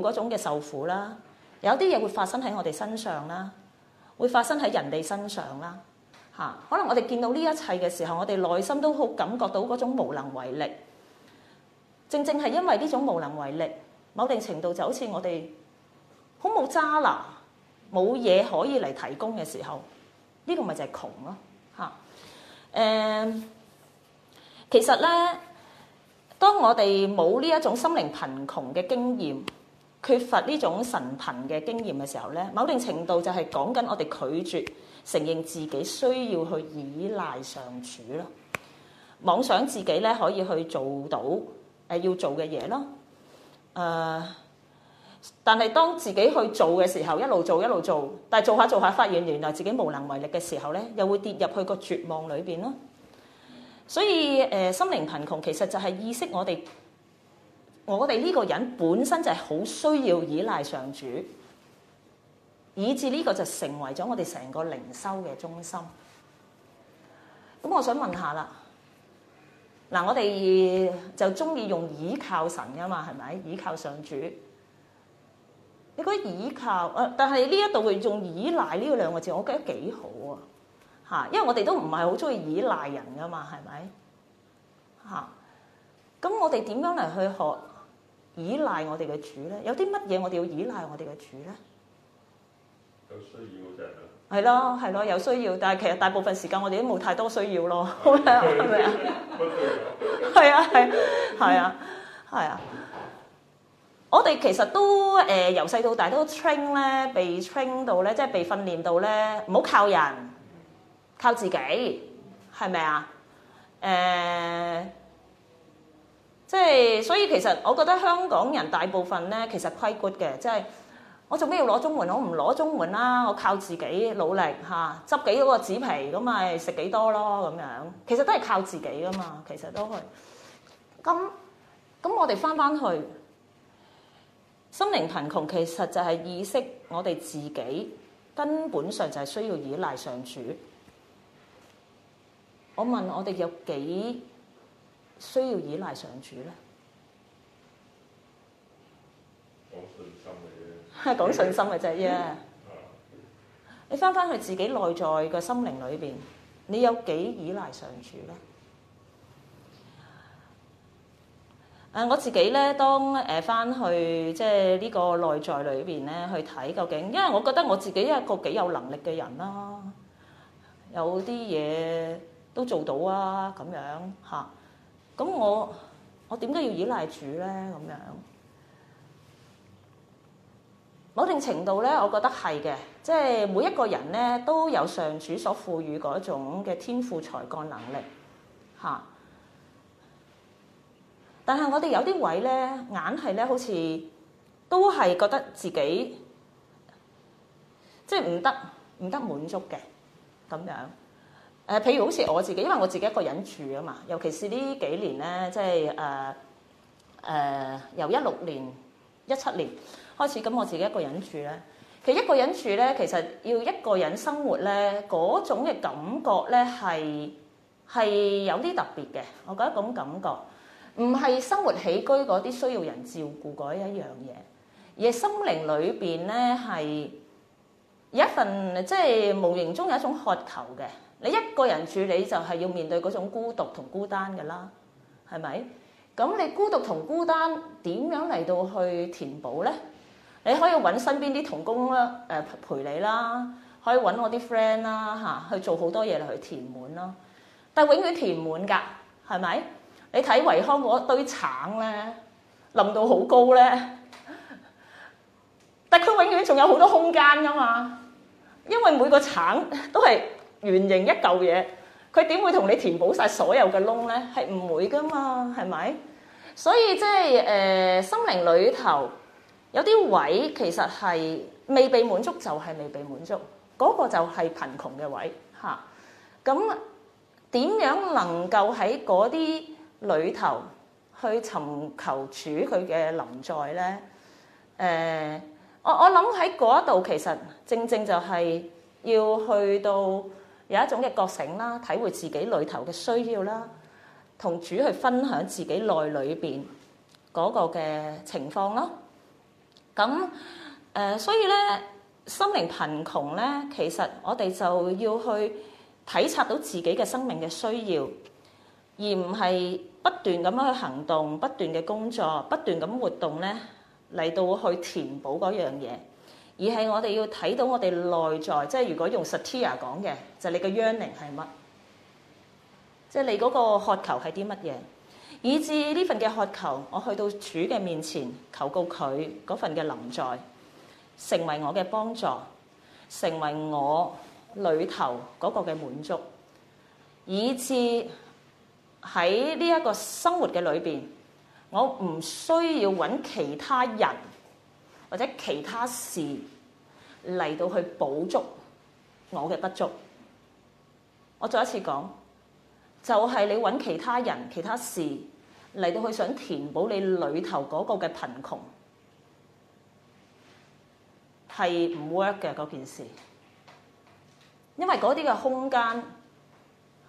嗰種嘅受苦啦。有啲嘢會發生喺我哋身上啦，會發生喺人哋身上啦。嚇、啊，可能我哋見到呢一切嘅時候，我哋內心都好感覺到嗰種無能為力。正正係因為呢種無能為力。某定程度就好似我哋好冇渣啦，冇嘢可以嚟提供嘅時候，呢、這個咪就係窮咯嚇。誒、啊嗯，其實咧，當我哋冇呢一種心靈貧窮嘅經驗，缺乏呢種神貧嘅經驗嘅時候咧，某定程度就係講緊我哋拒絕承認自己需要去依賴上主咯，妄想自己咧可以去做到誒、呃、要做嘅嘢咯。誒，uh, 但係當自己去做嘅時候，一路做一路做，但係做下做下發現原來自己無能為力嘅時候咧，又會跌入去個絕望裏邊咯。所以誒、呃，心靈貧窮其實就係意識我哋，我哋呢個人本身就係好需要依賴上主，以至呢個就成為咗我哋成個靈修嘅中心。咁我想問下啦。嗱、啊，我哋就中意用倚靠神噶嘛，係咪？倚靠上主，你覺得倚靠？誒、呃，但係呢一度會用依賴呢個兩個字，我覺得幾好啊！嚇、啊，因為我哋都唔係好中意依賴人噶嘛，係咪？嚇、啊，咁我哋點樣嚟去學依賴我哋嘅主咧？有啲乜嘢我哋要依賴我哋嘅主咧？有需要我就。係咯，係咯，有需要，但係其實大部分時間我哋都冇太多需要咯，係咪啊？係啊，係啊，係啊，係 啊！ 我哋其實都誒、呃、由細到大都 train 咧，被 train 到咧，即係被訓練到咧，唔好靠人，靠自己，係咪啊？誒， 即、呃、係、就是、所以其實我覺得香港人大部分咧，其實規矩嘅，即、就、係、是。我做咩要攞中門？我唔攞中門啦，我靠自己努力吓，執、啊、幾多個紙皮咁咪食幾多咯咁樣。其實都係靠自己㗎嘛，其實都係。咁咁我哋返返去，心靈貧窮其實就係意識我哋自己根本上就係需要依賴上主。我問我哋有幾需要依賴上主咧？係講信心嘅啫，依、yeah。你翻翻去自己內在嘅心靈裏邊，你有幾依賴上主咧？誒，我自己咧，當誒翻去即係呢個內在裏邊咧，去睇究竟，因為我覺得我自己一個幾有能力嘅人啦、啊，有啲嘢都做到啊，咁樣嚇。咁、啊、我我點解要依賴主咧？咁樣？某定程度咧，我覺得係嘅，即係每一個人咧都有上主所賦予嗰種嘅天賦、才幹能力嚇。但係我哋有啲位咧，硬係咧，好似都係覺得自己即係唔得唔得滿足嘅咁樣。誒、呃，譬如好似我自己，因為我自己一個人住啊嘛，尤其是呢幾年咧，即係誒誒由一六年一七年。開始咁我自己一個人住咧，其實一個人住咧，其實要一個人生活咧，嗰種嘅感覺咧係係有啲特別嘅，我覺得種感覺唔係生活起居嗰啲需要人照顧嗰一樣嘢，而係心靈裏邊咧係有一份即係、就是、無形中有一種渴求嘅。你一個人住你就係要面對嗰種孤獨同孤單㗎啦，係咪？咁你孤獨同孤單點樣嚟到去填補咧？你可以揾身邊啲同工咧，誒陪你啦，可以揾我啲 friend 啦，吓去做好多嘢嚟去填滿咯。但係永遠填滿㗎，係咪？你睇惠康嗰堆橙咧，冧到好高咧，但係佢永遠仲有好多空間㗎嘛。因為每個橙都係圓形一嚿嘢，佢點會同你填補晒所有嘅窿咧？係唔會㗎嘛，係咪？所以即係誒，心靈裏頭。有啲位其實係未被滿足，就係未被滿足，嗰個就係貧窮嘅位嚇。咁點樣能夠喺嗰啲裏頭去尋求主佢嘅臨在咧？誒、呃，我我諗喺嗰度其實正正就係要去到有一種嘅覺醒啦，體會自己裏頭嘅需要啦，同主去分享自己內裏邊嗰個嘅情況咯。咁誒、呃，所以咧，心靈貧窮咧，其實我哋就要去體察到自己嘅生命嘅需要，而唔係不斷咁樣去行動、不斷嘅工作、不斷咁活動咧嚟到去填補嗰樣嘢，而係我哋要睇到我哋內在，即係如果用 Satir 講嘅，就係、是、你嘅 yearning 係乜，即係你嗰個渴求係啲乜嘢。以至呢份嘅渴求，我去到主嘅面前求告佢嗰份嘅臨在，成為我嘅幫助，成為我裏頭嗰個嘅滿足，以至喺呢一個生活嘅裏邊，我唔需要揾其他人或者其他事嚟到去補足我嘅不足。我再一次講，就係、是、你揾其他人、其他事。嚟到去想填補你裏頭嗰個嘅貧窮，係唔 work 嘅嗰件事，因為嗰啲嘅空間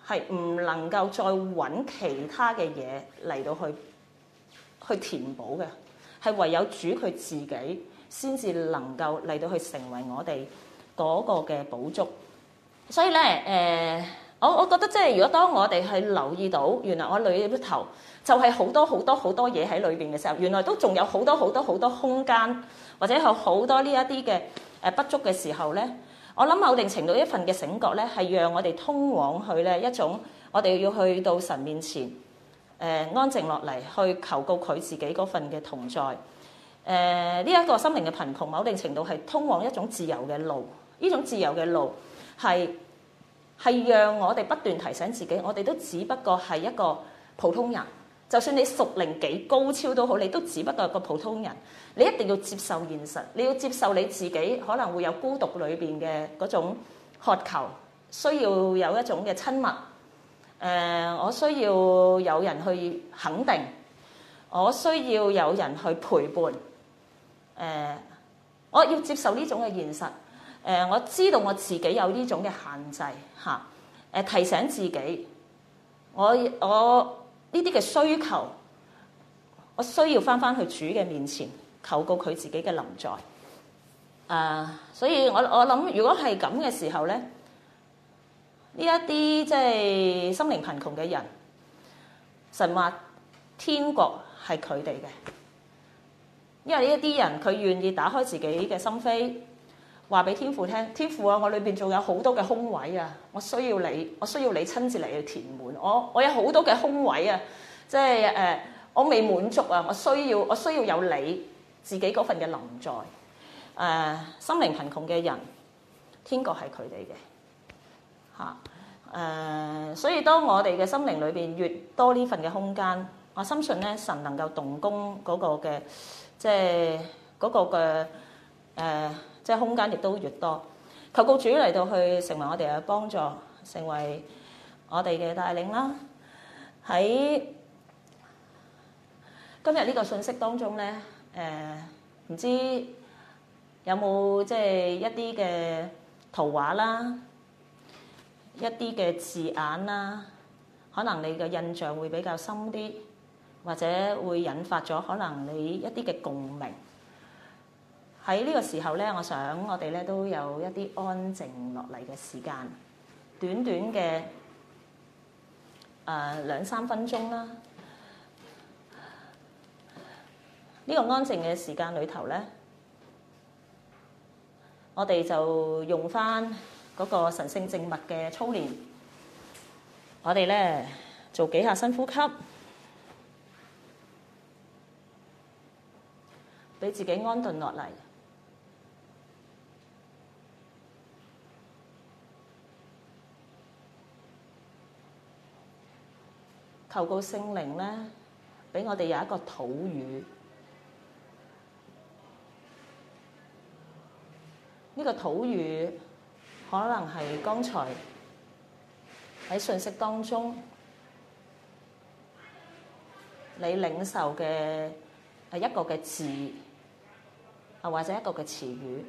係唔能夠再揾其他嘅嘢嚟到去去填補嘅，係唯有主佢自己先至能夠嚟到去成為我哋嗰個嘅補足。所以咧，誒、呃，我我覺得即係如果當我哋去留意到，原來我裏頭，就係好多好多好多嘢喺裏邊嘅時候，原來都仲有好多好多好多空間，或者有好多呢一啲嘅誒不足嘅時候咧。我諗某定程度一份嘅醒覺咧，係讓我哋通往去咧一種我哋要去到神面前誒、呃、安靜落嚟，去求告佢自己嗰份嘅同在。誒呢一個心靈嘅貧窮，某定程度係通往一種自由嘅路。呢種自由嘅路係係讓我哋不斷提醒自己，我哋都只不過係一個普通人。就算你屬靈幾高超都好，你都只不過個普通人。你一定要接受現實，你要接受你自己可能會有孤獨裏邊嘅嗰種渴求，需要有一種嘅親密。誒、呃，我需要有人去肯定，我需要有人去陪伴。誒、呃，我要接受呢種嘅現實。誒、呃，我知道我自己有呢種嘅限制嚇。誒、啊呃，提醒自己，我我。呢啲嘅需求，我需要返返去主嘅面前，求告佢自己嘅臨在。誒，uh，所以我我諗，如果係咁嘅時候咧，呢一啲即係心靈貧窮嘅人，神話天國係佢哋嘅，因為呢一啲人佢願意打開自己嘅心扉。話俾天父聽，天父啊，我裏邊仲有好多嘅空位啊，我需要你，我需要你親自嚟去填滿我。我有好多嘅空位啊，即係誒、呃，我未滿足啊，我需要我需要有你自己嗰份嘅臨在誒、呃，心靈貧窮嘅人，天國係佢哋嘅嚇誒。所以當我哋嘅心靈裏邊越多呢份嘅空間，我相信咧神能夠動工嗰個嘅，即係嗰、嗰個嘅誒。呃即係空間亦都越多，求告主嚟到去成為我哋嘅幫助，成為我哋嘅帶領啦。喺今日呢個信息當中咧，誒唔知有冇即係一啲嘅圖畫啦，一啲嘅字眼啦，可能你嘅印象會比較深啲，或者會引發咗可能你一啲嘅共鳴。喺呢個時候咧，我想我哋咧都有一啲安靜落嚟嘅時間，短短嘅誒兩三分鐘啦。呢個安靜嘅時間裏頭咧，我哋就用返嗰個神聖靜默嘅操練，我哋咧做幾下深呼吸，俾自己安頓落嚟。求告聖靈呢，俾我哋有一個土語。呢個土語可能係剛才喺信息當中你領受嘅一個嘅字，啊或者一個嘅詞語。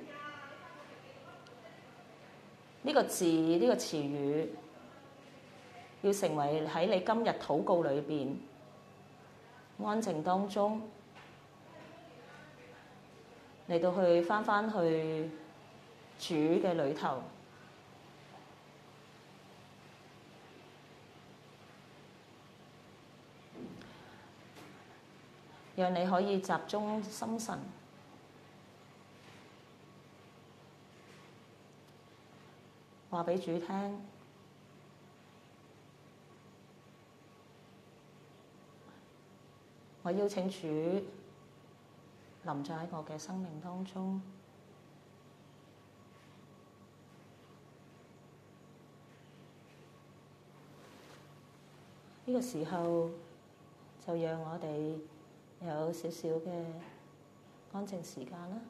呢個字，呢個詞語，要成為喺你今日禱告裏邊安靜當中，嚟到去翻返去主嘅裏頭，讓你可以集中心神，話畀主聽。我邀請主臨在喺我嘅生命當中，呢個時候就讓我哋有少少嘅安靜時間啦。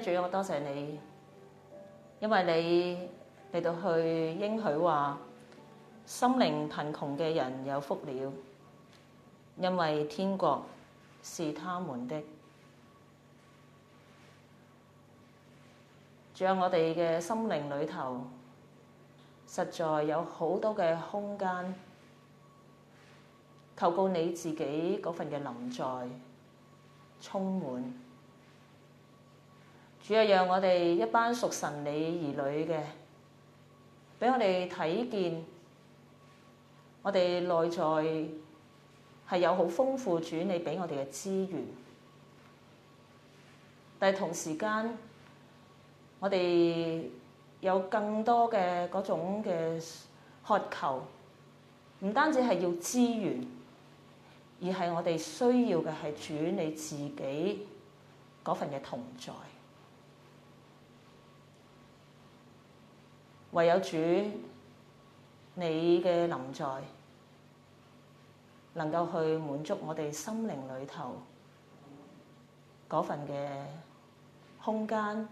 主啊，我多謝你，因為你嚟到去應許話，心靈貧窮嘅人有福了，因為天國是他們的。仲有我哋嘅心靈裏頭，實在有好多嘅空間，求告你自己嗰份嘅臨在，充滿。主要讓我哋一班屬神你兒女嘅，俾我哋睇見我哋內在係有好豐富主你俾我哋嘅資源，但係同時間我哋有更多嘅嗰種嘅渴求，唔單止係要資源，而係我哋需要嘅係主你自己嗰份嘅同在。唯有主，你嘅臨在，能夠去滿足我哋心靈裏頭嗰份嘅空間，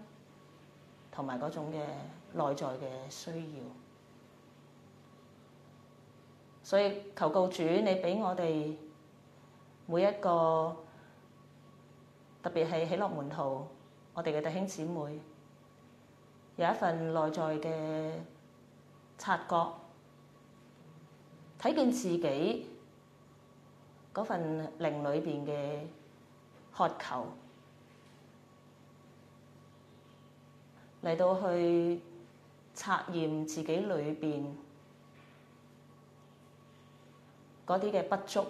同埋嗰種嘅內在嘅需要。所以求告主，你俾我哋每一個，特別係喜樂門徒，我哋嘅弟兄姐妹。有一份內在嘅察覺，睇見自己嗰份靈裏面嘅渴求，嚟到去察驗自己裏面嗰啲嘅不足，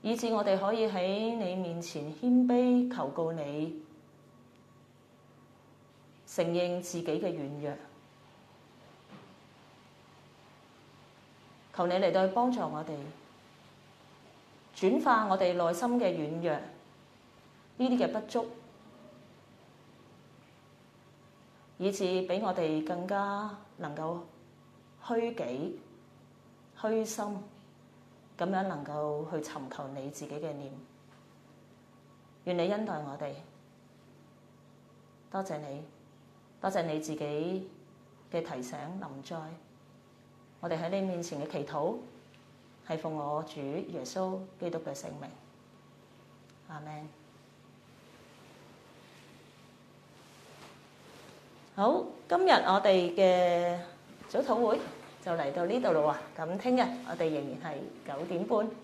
以致我哋可以喺你面前謙卑求告你。承認自己嘅軟弱，求你嚟到去幫助我哋，轉化我哋內心嘅軟弱，呢啲嘅不足，以致俾我哋更加能夠虛己、虛心，咁樣能夠去尋求你自己嘅念。願你恩待我哋，多謝你。多謝你自己嘅提醒、臨在，我哋喺你面前嘅祈禱係奉我主耶穌基督嘅聖名，阿門。好，今日我哋嘅早禱會就嚟到呢度啦喎，咁聽日我哋仍然係九點半。